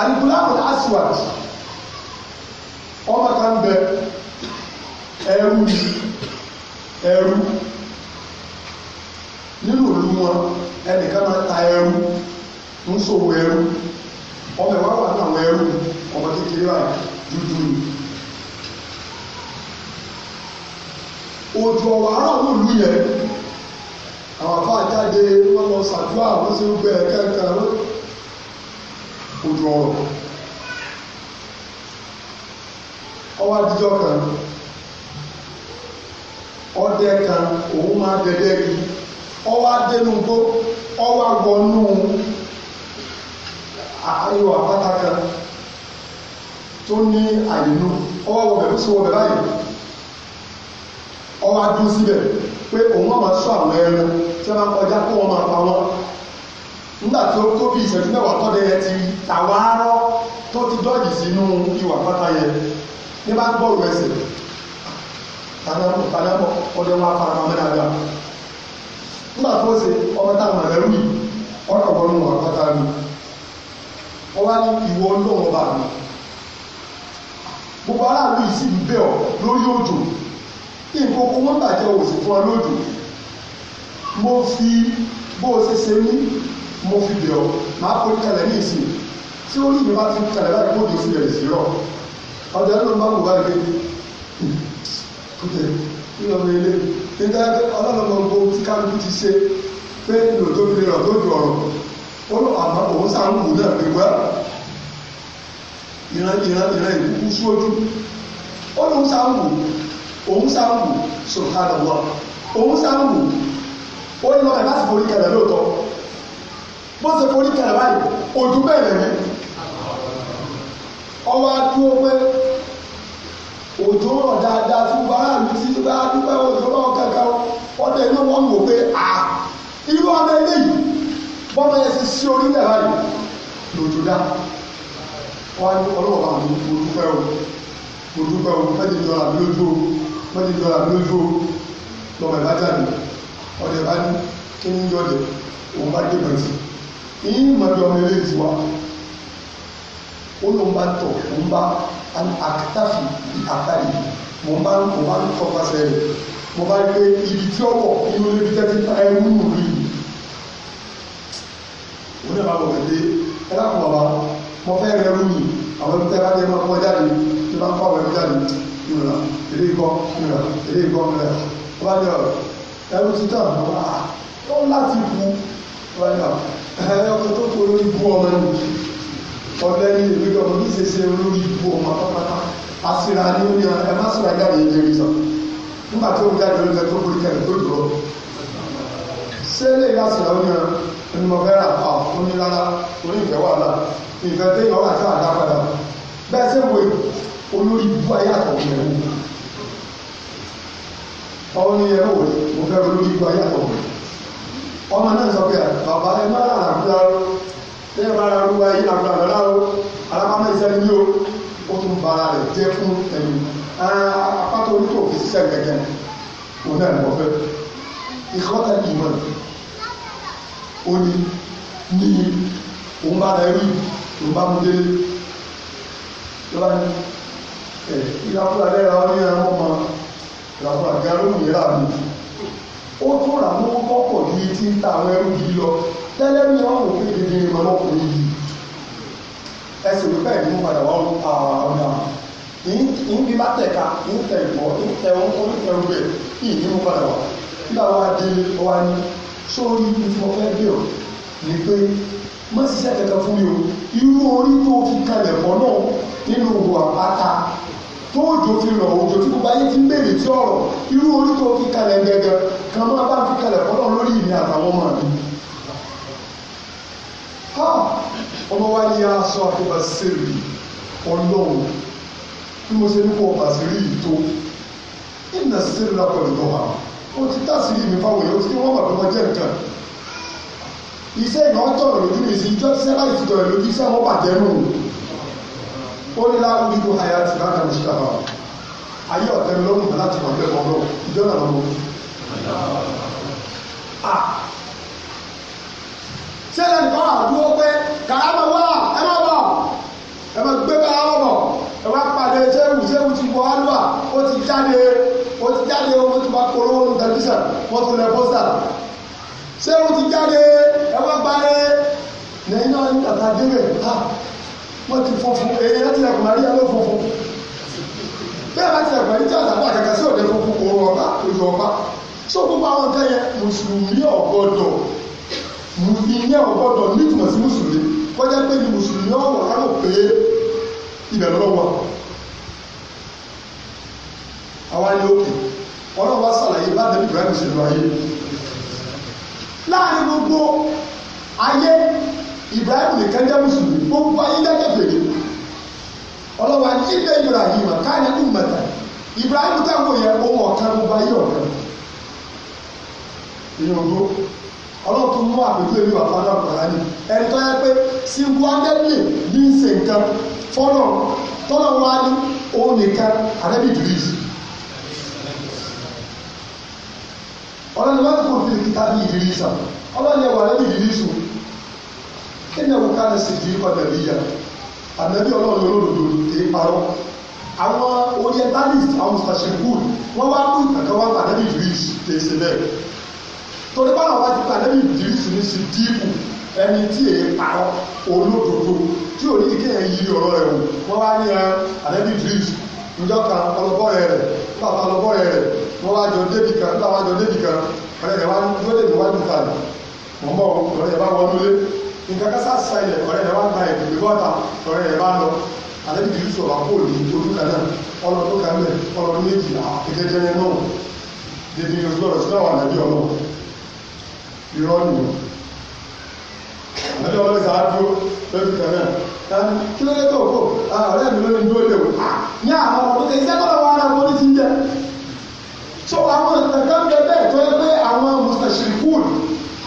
alikulamul aswad ọmọ kan bẹ ẹrú ẹrú nínú òlu wọn ẹnìkan máa ta ẹrú ń ṣòwò ẹrú ọmọ ẹ̀wá wà láwọn ẹrú ọmọ kékeré wà dúdú ni. òjò ọ̀wà ará òlu yẹn àwọn afá jáde wọn lọ ṣàdúrà wọn sì ń gbẹ kẹkẹ òjò ọ̀rọ̀ ọwọ́ adijọ́ kan ọdẹ kan òun máa dẹdẹ́ kí. Ọwa adénugbó ọwọ́ agbọnú ayò àpáta kan tó ní àyínú ọwọ́ wọbẹ̀ ló sì wọbẹ̀ báyìí ọwọ́ adó síbẹ̀ pé òun ọmọ sọ àwọn ẹran tí wọ́n máa kọjá kó máa pa nígbà tí ó bí ìṣẹ́jú mẹ́wàá ti tàwárọ́ tó ti sínú ìwà pátá yẹn ní bá gbọ́ ẹsẹ̀ tàbí nígbà tó ṣe ọmọ táwọn ẹ̀rú yìí ọ̀rọ̀ wọnú àpáta mi wọ́n wá ìwọ ọlọ́run bá mi gbogbo aráàlú yìí sì ń bẹ̀ ọ́ lórí òjò ìkókó wọn bàjẹ́ òsì fún ọ lójò mo fi bó o ṣe ṣe ní mo fi bẹ̀ ọ́ máa kó kalẹ̀ ní ìsìn tí ó ní ìgbà tí kalẹ̀ láti kó di òfin rẹ̀ sí rọ̀ ọ̀dọ̀ ẹ̀rọ máa ń wò báyìí pé hmm, ní ọmọ ilé nígbà ọlọ́lọ́mọ gbogbo tí kálukú ti ṣe pé lòdó fi lè rọ̀ tó ju ọ̀rọ̀ ó lọ àmọ́ òun sáré wù náà pé wá ìran ìran ìran ìkúkú sójú ó lóun sáré wù òun sáré wù subhanallah òun sáré wù ó lọ ẹ̀ láti forí kẹlẹ̀ lóòótọ́ bó ṣe forí kẹlẹ̀ báyìí ojú bẹ̀rẹ̀ mi ọwọ́ adúlọ́ pé òjò rọ̀ dáadáa tí gbogbo aráàlú ti bá dúpẹ́ òjò rọ̀ kankan ọdẹ inú wọn wò pé a irú ọdẹ eléyìí bọ́dọ̀ yẹn ti sí orílẹ̀ báyìí lòjò dá wọn ní ọlọ́wọ́ àwọn olùdúpẹ́ o olùdúpẹ́ o mẹ́tẹ̀ dọ́là mi lójú o mẹ́tẹ̀ dọ́là mi lójú o lọ́mọ ìbá jáde ọdẹ bá ní kí ní yọ̀dẹ̀ òun bá dé bẹ̀rẹ̀ sí i ìmọ̀dọ̀mẹ́lẹ́ ti wá ó ló ń bá tọ̀ ó ń bá àkítàfì àtàrí mo bá ń mo bá ń tọ́ pàṣẹ rẹ̀ mo bá rí pé ibi tí ọ̀pọ̀ inú lébi tẹ́tí ta ẹrú nù rí i òun náà bá wọ̀ pé ẹ lápò bàbá mo fẹ́ rẹ rú mi àwọn ibi tẹ́lá tẹ́ máa kọ́ jáde tí máa ń kọ́ àwọn ibi jáde ìrìnà èdè ìkọ́ ìrìnà èdè ìkọ́ ìrìnà ó bá ní ọ̀rọ̀ ẹrú ti tàn àwọn àá ó láti kú ó bá ní ọ̀rọ̀ ẹ̀ ọkọ̀ tó kọ lórí bú ọmọ ẹni ọ̀dọ́ ní ìlú ìjọba ní ṣe ṣe olórí ìbò ọmọ pátápátá àṣírà ni ó ní ẹ má sọ̀rọ̀ ìjáde ìjẹ́ rí sọ nígbà tó ń jáde lórí ẹgbẹ́ orí kẹrin tó dùn ọ́ ṣé lè yá àṣírà ó ní ọ ẹni mo fẹ́ rà pa ọ́ ó ní rárá orí ìfẹ́ wà lá ìfẹ́ tó yọ wà káà dá padà bẹ́ẹ̀ ṣe wo olórí ìbú ayé àtọ̀wọ̀ ọ̀hún ni ẹ̀rọ wò mo fẹ́ olórí ìbú ayé àtọ̀wọ̀ ọmọ náà sọ pé bàbá ẹ má rà ṣé ẹ bá ra olúwa yìí làbúrò àlọ́lá o alábàámọ̀ ìṣẹ́ni ní o ó tún bara rẹ̀ jẹ́ fún ẹ̀yìn apátó orí tó fi ṣiṣẹ́ gẹ́gẹ́ o náà mọ̀ fẹ́ ìkọ́tà ìmọ̀ o ní ní òun bá ra o òun bá mú délé lọ́wọ́ ní ẹ̀ ìlàbúrò àlẹ́ ra ọ ní ẹ̀rọ ọmọ ìlàbúrò àgbẹ̀ arúgbó yẹn rà mí o tún rà mú kọ́kọ̀ bíi tí ń ta àwọn ẹrú yìí lọ tẹ́lẹ̀ ní wọn kò fi dídí ìmọ̀ náà kò yí ẹsẹ̀ wípé ẹ̀mí mú padà wọn ọ̀dà ìbí bá tẹ̀ka ìtẹ̀ ìbọ̀ ìtẹ̀ wọn kó ìtẹ̀ wọn bẹ̀ ìdí mú padà wọn nígbà wọn adé wa ní sórí ibi tí mo fẹ́ dé o ní pé má ṣiṣẹ́ kankan fún mi o irú orí tó fi kalẹ̀ mọ́ náà nínú òwò àpáta tó òjò fi rọ̀ òjò tí gbogbo ayé ti ń béèrè tí ọ̀rọ̀ irú orí tó fi kalẹ̀ gẹ́gẹ́ kan máa bá fi kalẹ̀ mọ́ náà lórí ìní àtàwọn ọmọ mi. ọmọ wa ní aṣọ àfihàn sèrè ọlọ́run bí mo ṣe ní kó ọba sí rí ìtó ìnà sèrè lápò ìtọ́ wa ó ti dá sí ìmì fáwọn èèyàn ó ti ní wọ́n bàbá wọn jẹ́ nǹkan iṣẹ́ ìyàn tọ̀rọ̀ lójú mi sí ìjọ iṣẹ́ láì ti tọ̀rọ̀ lójú iṣẹ́ wọn bàjẹ́ nù ó ní láwọn onígbò àyà ti bá kan ṣe dàbà ayé ọ̀tẹ̀ lọ́rùn láti wà bẹ́ẹ̀ kọ́ lọ ìjọ náà lọ́wọ́ ṣé ẹnì kan àdúró pé kàrámà wà ẹ má bọ̀ ẹ má gbé kàrámà bọ̀ ẹ má pàdé ṣéwù ṣéwù ti wọ àdúrà ó ti jáde ó ti jáde ó ti wá kóró ní tẹlifíṣàn wọ́n tún lẹ pósítà ṣéwù ti jáde ẹ má gbáre lẹ́yìn náà ní tàtà débẹ̀ ha ah, wọ́n ti fọ́fún èyí láti ẹ̀kọ́ àríyá ló fọ́fún bẹ́ẹ̀ bá ti ẹ̀kọ́ àríyá àtàkùn àkàkà sí òde fọ́fún òru ọ̀pá òru ọ̀pá so ìyẹn ya gbọ́dọ̀ nítumọ̀ sí mùsùlùmí kọjá pé ní mùsùlùmí ọ̀wọ̀ kárò pé ibẹ̀ lọ́wọ́ ni ó kì ọlọ́wọ́ sàlàyé ibrahim ṣe lọ láàrin gbogbo ayé ibrahim nìkan jẹ́ mùsùlùmí gbogbo ayé jẹ́ fèrè ibrahim kú mẹ́ta ibrahim yẹ ohun ọ̀kan gbogbo ayé ọ̀kan ìyọ̀ngbó. ọlọ́run tó mú àpèjú èmi wà fún aláàbùkàrà ni ẹni tó yẹ pé singularly ní í ṣe nǹkan fọ́nà tọ́nà wá ní òun nìkan àrẹ́bí ìdílé ọlọ́ni wọ́n ti kò fi kíta bí ìdílé sà ọlọ́ni ẹ̀wọ̀ àrẹ́bí ìdílé sù kí ni ẹ̀wọ̀ ká lè sì di ọ̀dà bí yà ànábì ọlọ́run olódodo kì í parọ́ àwọn orientalist àwọn mustachiogood wọ́n wá mú ìtàkà wá àrẹ́bí ìdílé kì í ṣe bẹ́ẹ̀ torí bá àwọn àjùkọ àlẹ́ yìí dìrì sí ní sí díìpù ẹni tí èyí parọ́ olódodo tí ò ní kí ẹ̀ yí ọ̀rọ̀ rẹ̀ wò wọ́n wá ní àlẹ́ yìí dìrì njọ́ kan ọlọ́bọ̀ rẹ̀ rẹ̀ bàbá ọlọ́bọ̀ rẹ̀ rẹ̀ wọ́n wá jọ débì kan bàbá jọ débì kan ọ̀rẹ́ rẹ̀ wá ní tó débì wá ní ta ni wọ́n bọ̀ ọ̀rẹ́ rẹ̀ bá wọnú lé nǹkan kan sá sa ilẹ̀ ọ̀rẹ́ rẹ̀ wá gba ìdìbò bọ́ta ọ̀rẹ́ rẹ̀ bá lọ alẹ́ bìbí sọ̀rọ̀ àpò òní ojú kan náà ọlọ́ tó kan mẹ́ ọlọ́ méjì àkẹ́kẹ́ jẹ́ náà débi ojú ọ̀rọ̀ sí náà wà lábẹ́ ọlọ́run irọ́ nìyẹn ẹjọ́ ọlọ́sà á dúró lórí kan náà tani kí ló dé tó kó ọ̀rẹ́ mi ló ń dúró lé o ní àwọn ọ̀pọ̀ tó iṣẹ́ tọ́lọ́ wọn ara wọn ní ti ń jẹ so àwọn ìtàkà ń bẹ bẹ́ẹ̀ tó yẹ pé àwọn mustachirikul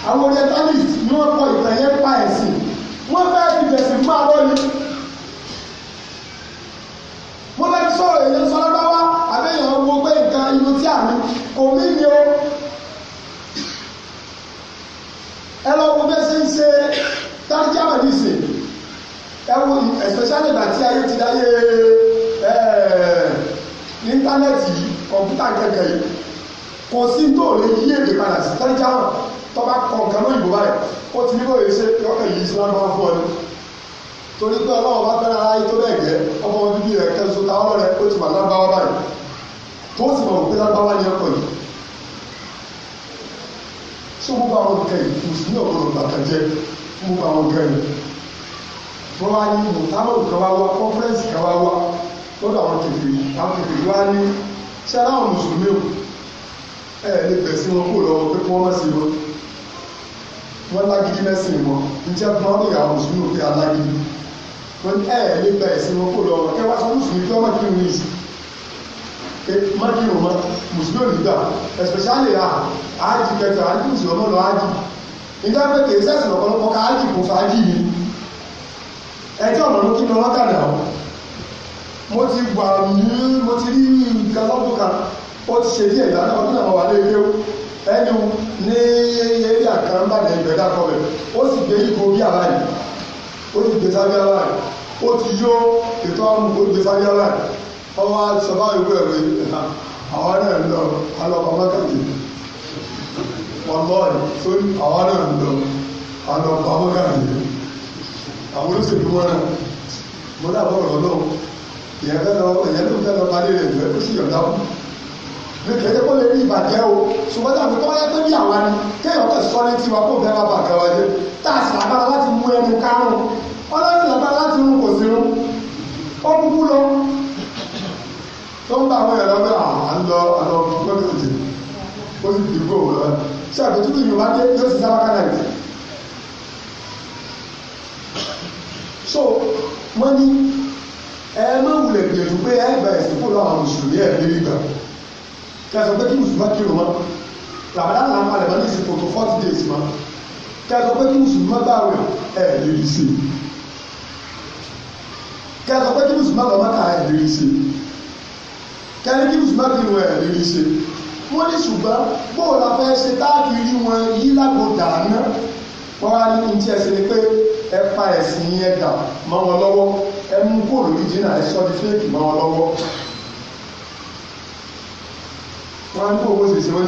àwọn orientalist ni wọ́n kọ ìtàn yẹn pa ẹ̀sìn wọ́n fẹ́ fi bẹ̀sìn fún àwọn yìí wọ́n fẹ́ sọ̀rọ̀ èyí sọ́lá bá wá àbẹ́yẹn wo pé nǹkan inú tí àmì kò mí ni o ẹ lọ wo bẹ́ẹ̀ ṣe ń ṣe tájá àmàdí ṣe ẹ wo especially ìgbà tí ayé ti dáyé ní íńtánẹ́ẹ̀tì kọ̀ǹpútà kẹ̀kẹ́ yìí kò sí tó lè yí èdè padà sí tájá àmà tó bá kọ nǹkan lóyìnbó báyìí ó ti ní kò lè ṣe yọkàn yìí sí lágbára fún ọ ni torí pé ọlọ́run bá fẹ́ràn ara yìí tó bẹ́ẹ̀ gẹ́ ọmọ bíbí rẹ̀ kẹ́ńsó ta ọlọ́rẹ̀ ó ti wà lágbára báyìí tó sì mọ̀ pé lágbára ni ọkọ̀ yìí ṣé gbogbo àwọn nǹkan yìí mùsùlùmí ọ̀gbọ́n bàtà jẹ́ gbogbo àwọn nǹkan yìí wọ́n wá ní mùtáwọn kan wá wá kọ́fẹ́rẹ́nsì kan wá wá lọ́dọ̀ àwọn kèfèrí àwọn kèfèrí wá ní ṣé aláwọn mùsùlùmí ò ẹ̀ lè bẹ̀ sí wọn kó lọ́wọ́ pé kí wọ́n má sí wọn wọ́n lágídí mẹ́sìn wọn ìjẹ́ fún wọn lórí àwọn mùsùlùmí ò pé alágídí wọ́n ẹ̀ lè bẹ̀ sí wọn mákìrún mọ́ mùsùlùmí òní gbà especially à ájì kẹta ájì mùsùlùmí ọmọ lọ ájì nígbà pé kì í sẹ́sìn ọ̀pọ̀lọpọ̀ ká ájì kò fàájì ni ẹjọ́ ọ̀nà ló kí lọ lọ́kàdà mo ti wà ní mo ti rí nǹkan lọ́dún kan ó ti ṣe díẹ̀ ìlànà ọdún àwọn wà lé ilé o ẹni ní eré àkànbàlẹ̀ ìgbẹ́dà kọ́bẹ̀ ó sì gbé ipò bí àbáyé ó sì ètò ọmọ ó gbé ọwọ́ sọ́bà yòókù ẹ̀rọ yìí àwọn náà ń lọ alọ́kọ̀ mọ́kàtì ọlọ́ọ̀rì tó ní àwọn náà ń lọ alọ́kọ̀ mọ́kàtì àwọn olóṣèlú wọn náà mo dábọ̀ ọ̀rọ̀ náà ìyẹn fẹ́ lọ ìyẹn tó fẹ́ lọ parí rẹ̀ ìwé ó sì yọ̀dá wọn ní kẹ́kẹ́ kó lè rí ìbàjẹ́ o ṣùgbọ́n tàbí tó wáyé tó ní àwa ni kéèyàn kọ́ sọ ní tiwa kó fẹ́ máa bà kàn wáyé tá a sì lágbára láti mú ẹnu kárùn-ún ọlọ́run lágbára láti rún kò sí rún ó kúkú lọ tó ń bá àwọn ẹ̀rọ náà à ń lọ àlọ́ lọ́dún òjò ó sì fi gbòòwò lọ ṣé àpèjúwe yorùbá dé yóò sì sábà kánà ìdí. so wọ́n ní ẹ má wulẹ̀ gbìyànjú pé ẹ gba ẹ̀sìn lọ àwọn mùsùlùmí ẹ̀ lérí gbà kẹsàn pé kí mùsùlùmá kí wọn làbàdà là ń palẹ̀ mọ́ ìsìnkú tó forty days mọ́ kẹsàn pé kí mùsùlùmá bá wẹ̀ ẹ̀ lérí sí i kẹsàn pé kí mùsùlùmá lọ́mọ́ta ẹ̀ lérí sí i kẹ́ni kí mùsùlùmá fi wọn ẹ̀rí rí ṣe wọ́n ní ṣùgbọ́n bóò la fẹ́ ṣe táàkì rí wọn yí lágbo dàná wọ́n á ní ohun tí ẹ ṣe ni pé ẹ pa ẹ̀sìn yẹn dà mọ́ wọn lọ́wọ́ ẹ mú góòlù ìdínà ẹ sọ́ di fẹ́ẹ̀kì mọ́ wọn lọ́wọ́ wọ́n á ní owó ṣèṣe wọ́n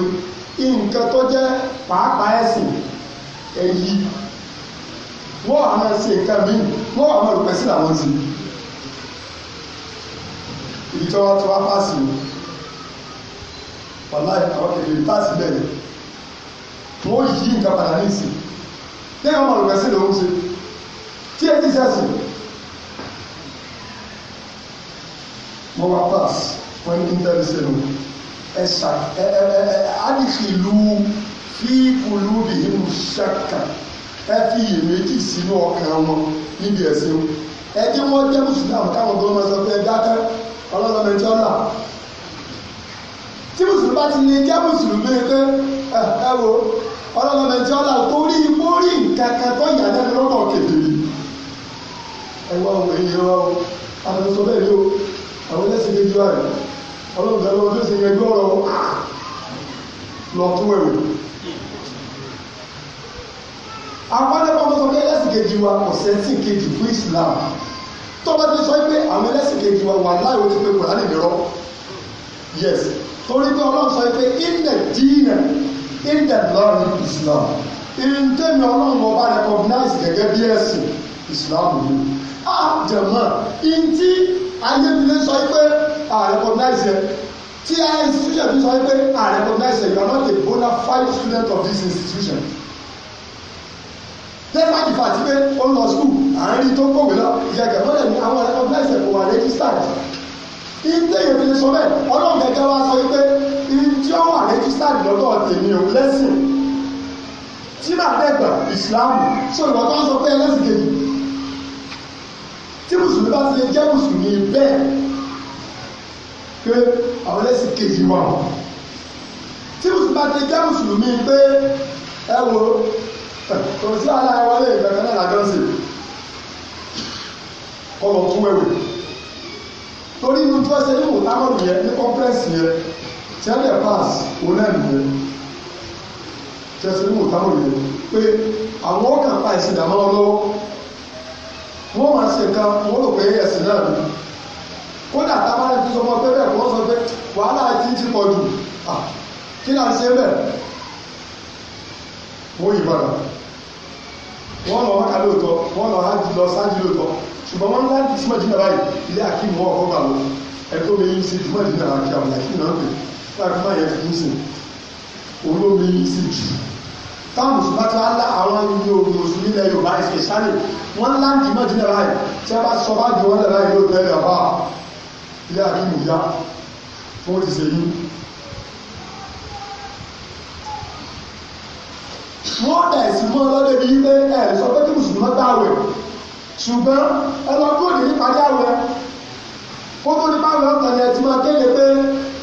ní nǹkan tó jẹ́ pàápàá ẹ̀sìn ẹ̀yí wọ́n àmọ́ ṣe nǹkan míì wọ́n àmọ́ rò pẹ́sí làwọn ṣe ibi tí wọ́n ti wá pàṣẹ o wàlá àwọn kẹfìrí pàṣẹ bẹ́ẹ̀ ni wọ́n yí nǹkan padà ní ìsìn ní àwọn ọmọ ìgbésẹ̀ lòún ṣe tí ẹ ti sẹ́sìn wọ́n wá pàṣẹ wọ́n ní íńtẹ́rẹ́sẹ̀ lòún ẹ ṣà ẹ ẹ ẹ adìsílù fíìkùlù bìhìn ṣàkà ẹ fi iyèméjì sínú ọkàn wọn níbi ẹ̀sìn ẹ jẹ́ wọ́n jẹ́ mùsùlùmí àwọn káwọn gbọ́dọ̀ sọ pé ẹ dákẹ́ ọlọ́dọ̀ mẹ́tí ọ̀là tí mùsùlùmí bá ti yẹ jẹ́ mùsùlùmí pé ẹ wo ọlọ́dọ̀ mẹ́tí ọ̀là torí mórí nǹkan kan tó yà lẹ́nu lọ́dọ̀ kedere ẹ wá òwe yìí wá o àwọn sọ bẹ́ẹ̀ ni o àwọn ẹlẹ́sìn ní ju àrẹ ọlọ́dọ̀ mẹ́tí ọ̀là tó sì yẹ gbọ́rọ̀ lọ tún ẹ̀wẹ̀ àwọn ẹlẹ́sìn kejì wa kò sẹ́ńtì kejì fún Islam tọ́ba ti sọ pé àwọn ẹlẹ́sìn kejì wa wà láì wọ́n ti pé kùránì nírọ́ yes torí pé ọlọ́run sọ pé in the ilẹ̀ of islam in the ìrìntẹ́mi ọlọ́run ọba recognize gẹ́gẹ́ bí ẹ̀sìn islam ni a jẹ̀mọ́ ìntí ayébílẹ̀ sọ pé a recognize ẹ̀ tí institution fi sọ pé a recognize ẹ̀ you are not a bona fide student of this institution tẹ́gbà jù fàtí pé ó lọ skul àárín tó kọ̀wé lọ ìyẹ̀kẹ̀ mọ́lẹ̀ ní àwọn ẹ̀kọ́ ẹ̀sẹ̀ kò wà registered ilé yẹn fi lè sọ bẹ́ẹ̀ ọlọ́run gẹ́gẹ́ wá sọ pé tí ó wà registered lọ́dọ̀ tèmi ò lẹ́sìn tí màá dẹ́gbà ìsìláàmù sọ ìwọ tó ń sọ pé ẹlẹ́sìn kejì tí mùsùlùmí bá ti lè jẹ́ mùsùlùmí bẹ́ẹ̀ pé àwọn ẹlẹ́sìn kejì wà tí mùsùlùmí bá ti lè jẹ́ mùsùlùmí pé ẹ wo kò sí àlá ìwọlé ìgbẹ̀rẹ̀ náà lájọ́ sí kọlọ̀ tún wẹ̀wẹ̀ torí inú tí wọ́n ṣe ní mùtámọ̀lù yẹn ní kọ́ńpẹ́rẹ́sì yẹn tí wọ́n lè pass òun náà nìyẹn tí wọ́n ṣe ní mùtámọ̀lù yẹn pé àwọn ọkàn pa ìsìn ìdààmú wọn lọ́wọ́ wọ́n máa ṣe nǹkan wọ́n rò pé ẹ̀sìn náà ni kódà táwọn ẹni tó sọ ọmọ pé bẹ́ẹ̀ kó wọ́n sọ pé wàhálà ti ń ti pọ̀ jù kí náà ṣe bẹ́ẹ̀ wọ́n yìí padà wọ́n lọ wákà lóòótọ́ wọ́n lọ ájì lọ sáájì lóòótọ́ ṣùgbọ́n wọ́n láti sí mọ̀jìnà báyìí ilé akíìmù ọkọ̀ gbà lọ ẹ̀tọ́ mi yìí sí ju mọ̀jìnà àti àwọn akíìmù náà pè láti má yẹn fún sí olómi yìí sí jù táwọn mùsùlùmí ti wá lá àwọn ilé ogun mùsùlùmí ilẹ̀ Yorùbá especially wọ́n láǹdì mọ̀jìnà báyìí tí a bá sọ bá jù wọ́n lẹ̀ báyìí yóò tẹ́lẹ̀ àbá ilé akíìmù yá fún òtìsẹ́yìn wọ́n dà ẹ̀sìn mọ́ ọlọ́dẹ ní ilé ẹ̀ sọ pé kí mùsùlùmí gbà wẹ̀ ṣùgbọ́n ẹ lọ kúrò ní níparí àwẹ̀ kó tó ní báwọn ọ̀tàn ni ẹ ti máa kéde pé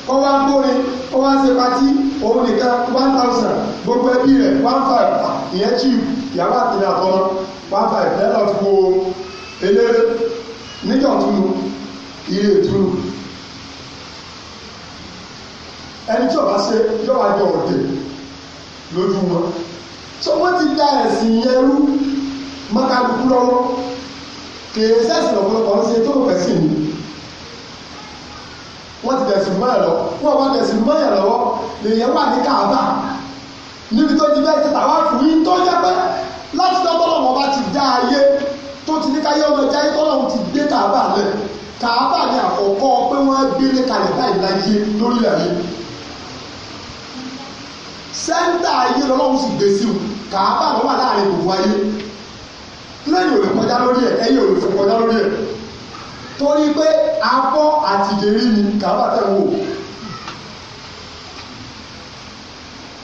kọ́ wá gbórin kọ́ wá ṣe patí òun nìkan one thousand gbogbo ẹbí rẹ̀ one five ìyẹn chief ìyàwó àtìlẹ̀ àtọ́nà one five lẹ́nà tó kó eléré níjọ́ túnú ilé ìtúnú ẹni tí ọba ṣe yọ wá jọ òde lójú wọn so wọ́n ti da ẹ̀sìn yẹn rú mọ́kàlùkù lọ́wọ́ kèé sẹ́sìn ọ̀pọ̀lọpọ̀ ń ṣe tó fẹ́ sí ni wọ́n ti dẹ̀sìn mọ́ ẹ̀ lọ wọ́n wọ́n dẹ̀sìn mọ́ ẹ̀ lọ́wọ́ lèèyàn wà ní káàbà níbi tó ti bẹ́ẹ̀ ti tàwa fún yín tó yẹ pé láti tọ́tọ́lọ́ wọn bá ti dá ayé tó ti ní káyé ọmọ ìjà ìtọ́lọ́ ti gbé káàbà lẹ̀ káàbà ni àkọ́kọ́ pé wọ́n gbélé kalẹ̀ báyìí láyé lórílẹ̀ yìí sẹ́ńtà ayé lọ́lọ́run sì gbé sí o kàábà ló wà láàrin gbogbo ayé lẹ́yìn òní kọjá lórí ẹ̀ ẹ̀yìn òní fún kọjá lórí ẹ̀ torí pé abọ́ àti ìdérí ni kàábà tẹ̀ wò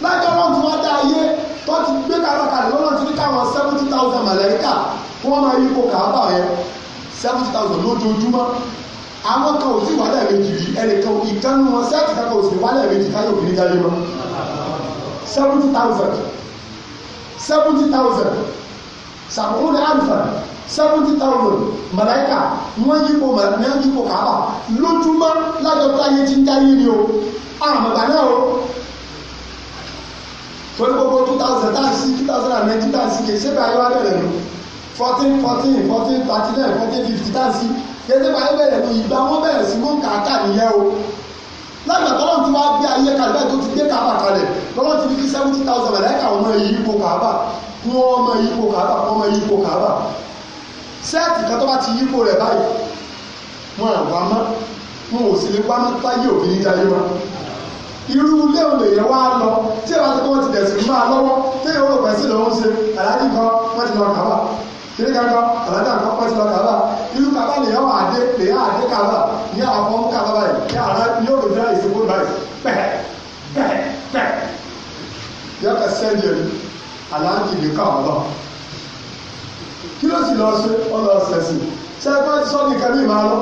lájọ́ lọ́n ti wá dá ayé tó ti gbé kàábà kalẹ̀ lọ́nà ti ní káwọn seventy thousand màlẹ́ríkà kí wọ́n máa yí ko kàábà yẹn seventy thousand lójoojúmọ́ àwọn kan ò sí wàhálà méjì rí ẹnìkan ìkànnì wọn sẹ́ẹ̀tì kankan ò sí wàhálà méjì káyọ̀ òfin jáde mọ́ seventy thousand seventy thousand sàmúlò àlùfà seventy thousand màláìka wọ́n yípo màláìka yípo kàbà lójúmọ́ lájọ tó ayé ti ń dáyé ni o àmàgbà náà o torí gbogbo two thousand tá a sí two thousand and nineteen tá a sí kì í ṣe báyìí wá bẹ̀rẹ̀ lọ fourteen fourteen fourteen thirty nine fourteen fifty tá a sí kì í ṣe báyìí bẹ̀rẹ̀ lọ ìgbà wọn bẹ̀rẹ̀ sí mọ́ kàákà nìyẹn o lẹ́gbẹ̀ẹ́ tọ́lọ́ ti wá gbé ayé kalẹ̀ báyìí tó ti gbé kábà kalẹ̀ tọ́lọ́ ti fi seventy thousand ẹ̀lẹ́kà ọmọ ìyípo kábà fún ọmọ ìyípo kábà fún ọmọ ìyípo kábà sẹ́ẹ̀tì kan tó bá ti yípo rẹ̀ báyìí wọn àwa mọ́ wọn ò sì lè wá mọ́ táyé òfin jáyé wa irú ilé òun lèyẹ wá lọ tí ìwà tó kọ́ ti dẹ̀sùn máa lọ́wọ́ tí ìwà òun pẹ̀sì lòun ṣe àlájì kan wọ́n ti lọ kábà kiri kan kan kalata kan pọsi la kaba iru kaba le yọ ade le yọ ade kaba ni a fọ kaba ba yi ya ara ni o do dira esiko ba yi pẹhẹ pẹhẹ pẹhẹ yọ ka sẹ diẹ mi ala ti di ka ọlọ kí ló sì lọ ṣe ọlọ ṣẹṣin ṣe é bá ti sọ nìkan mi máa lọ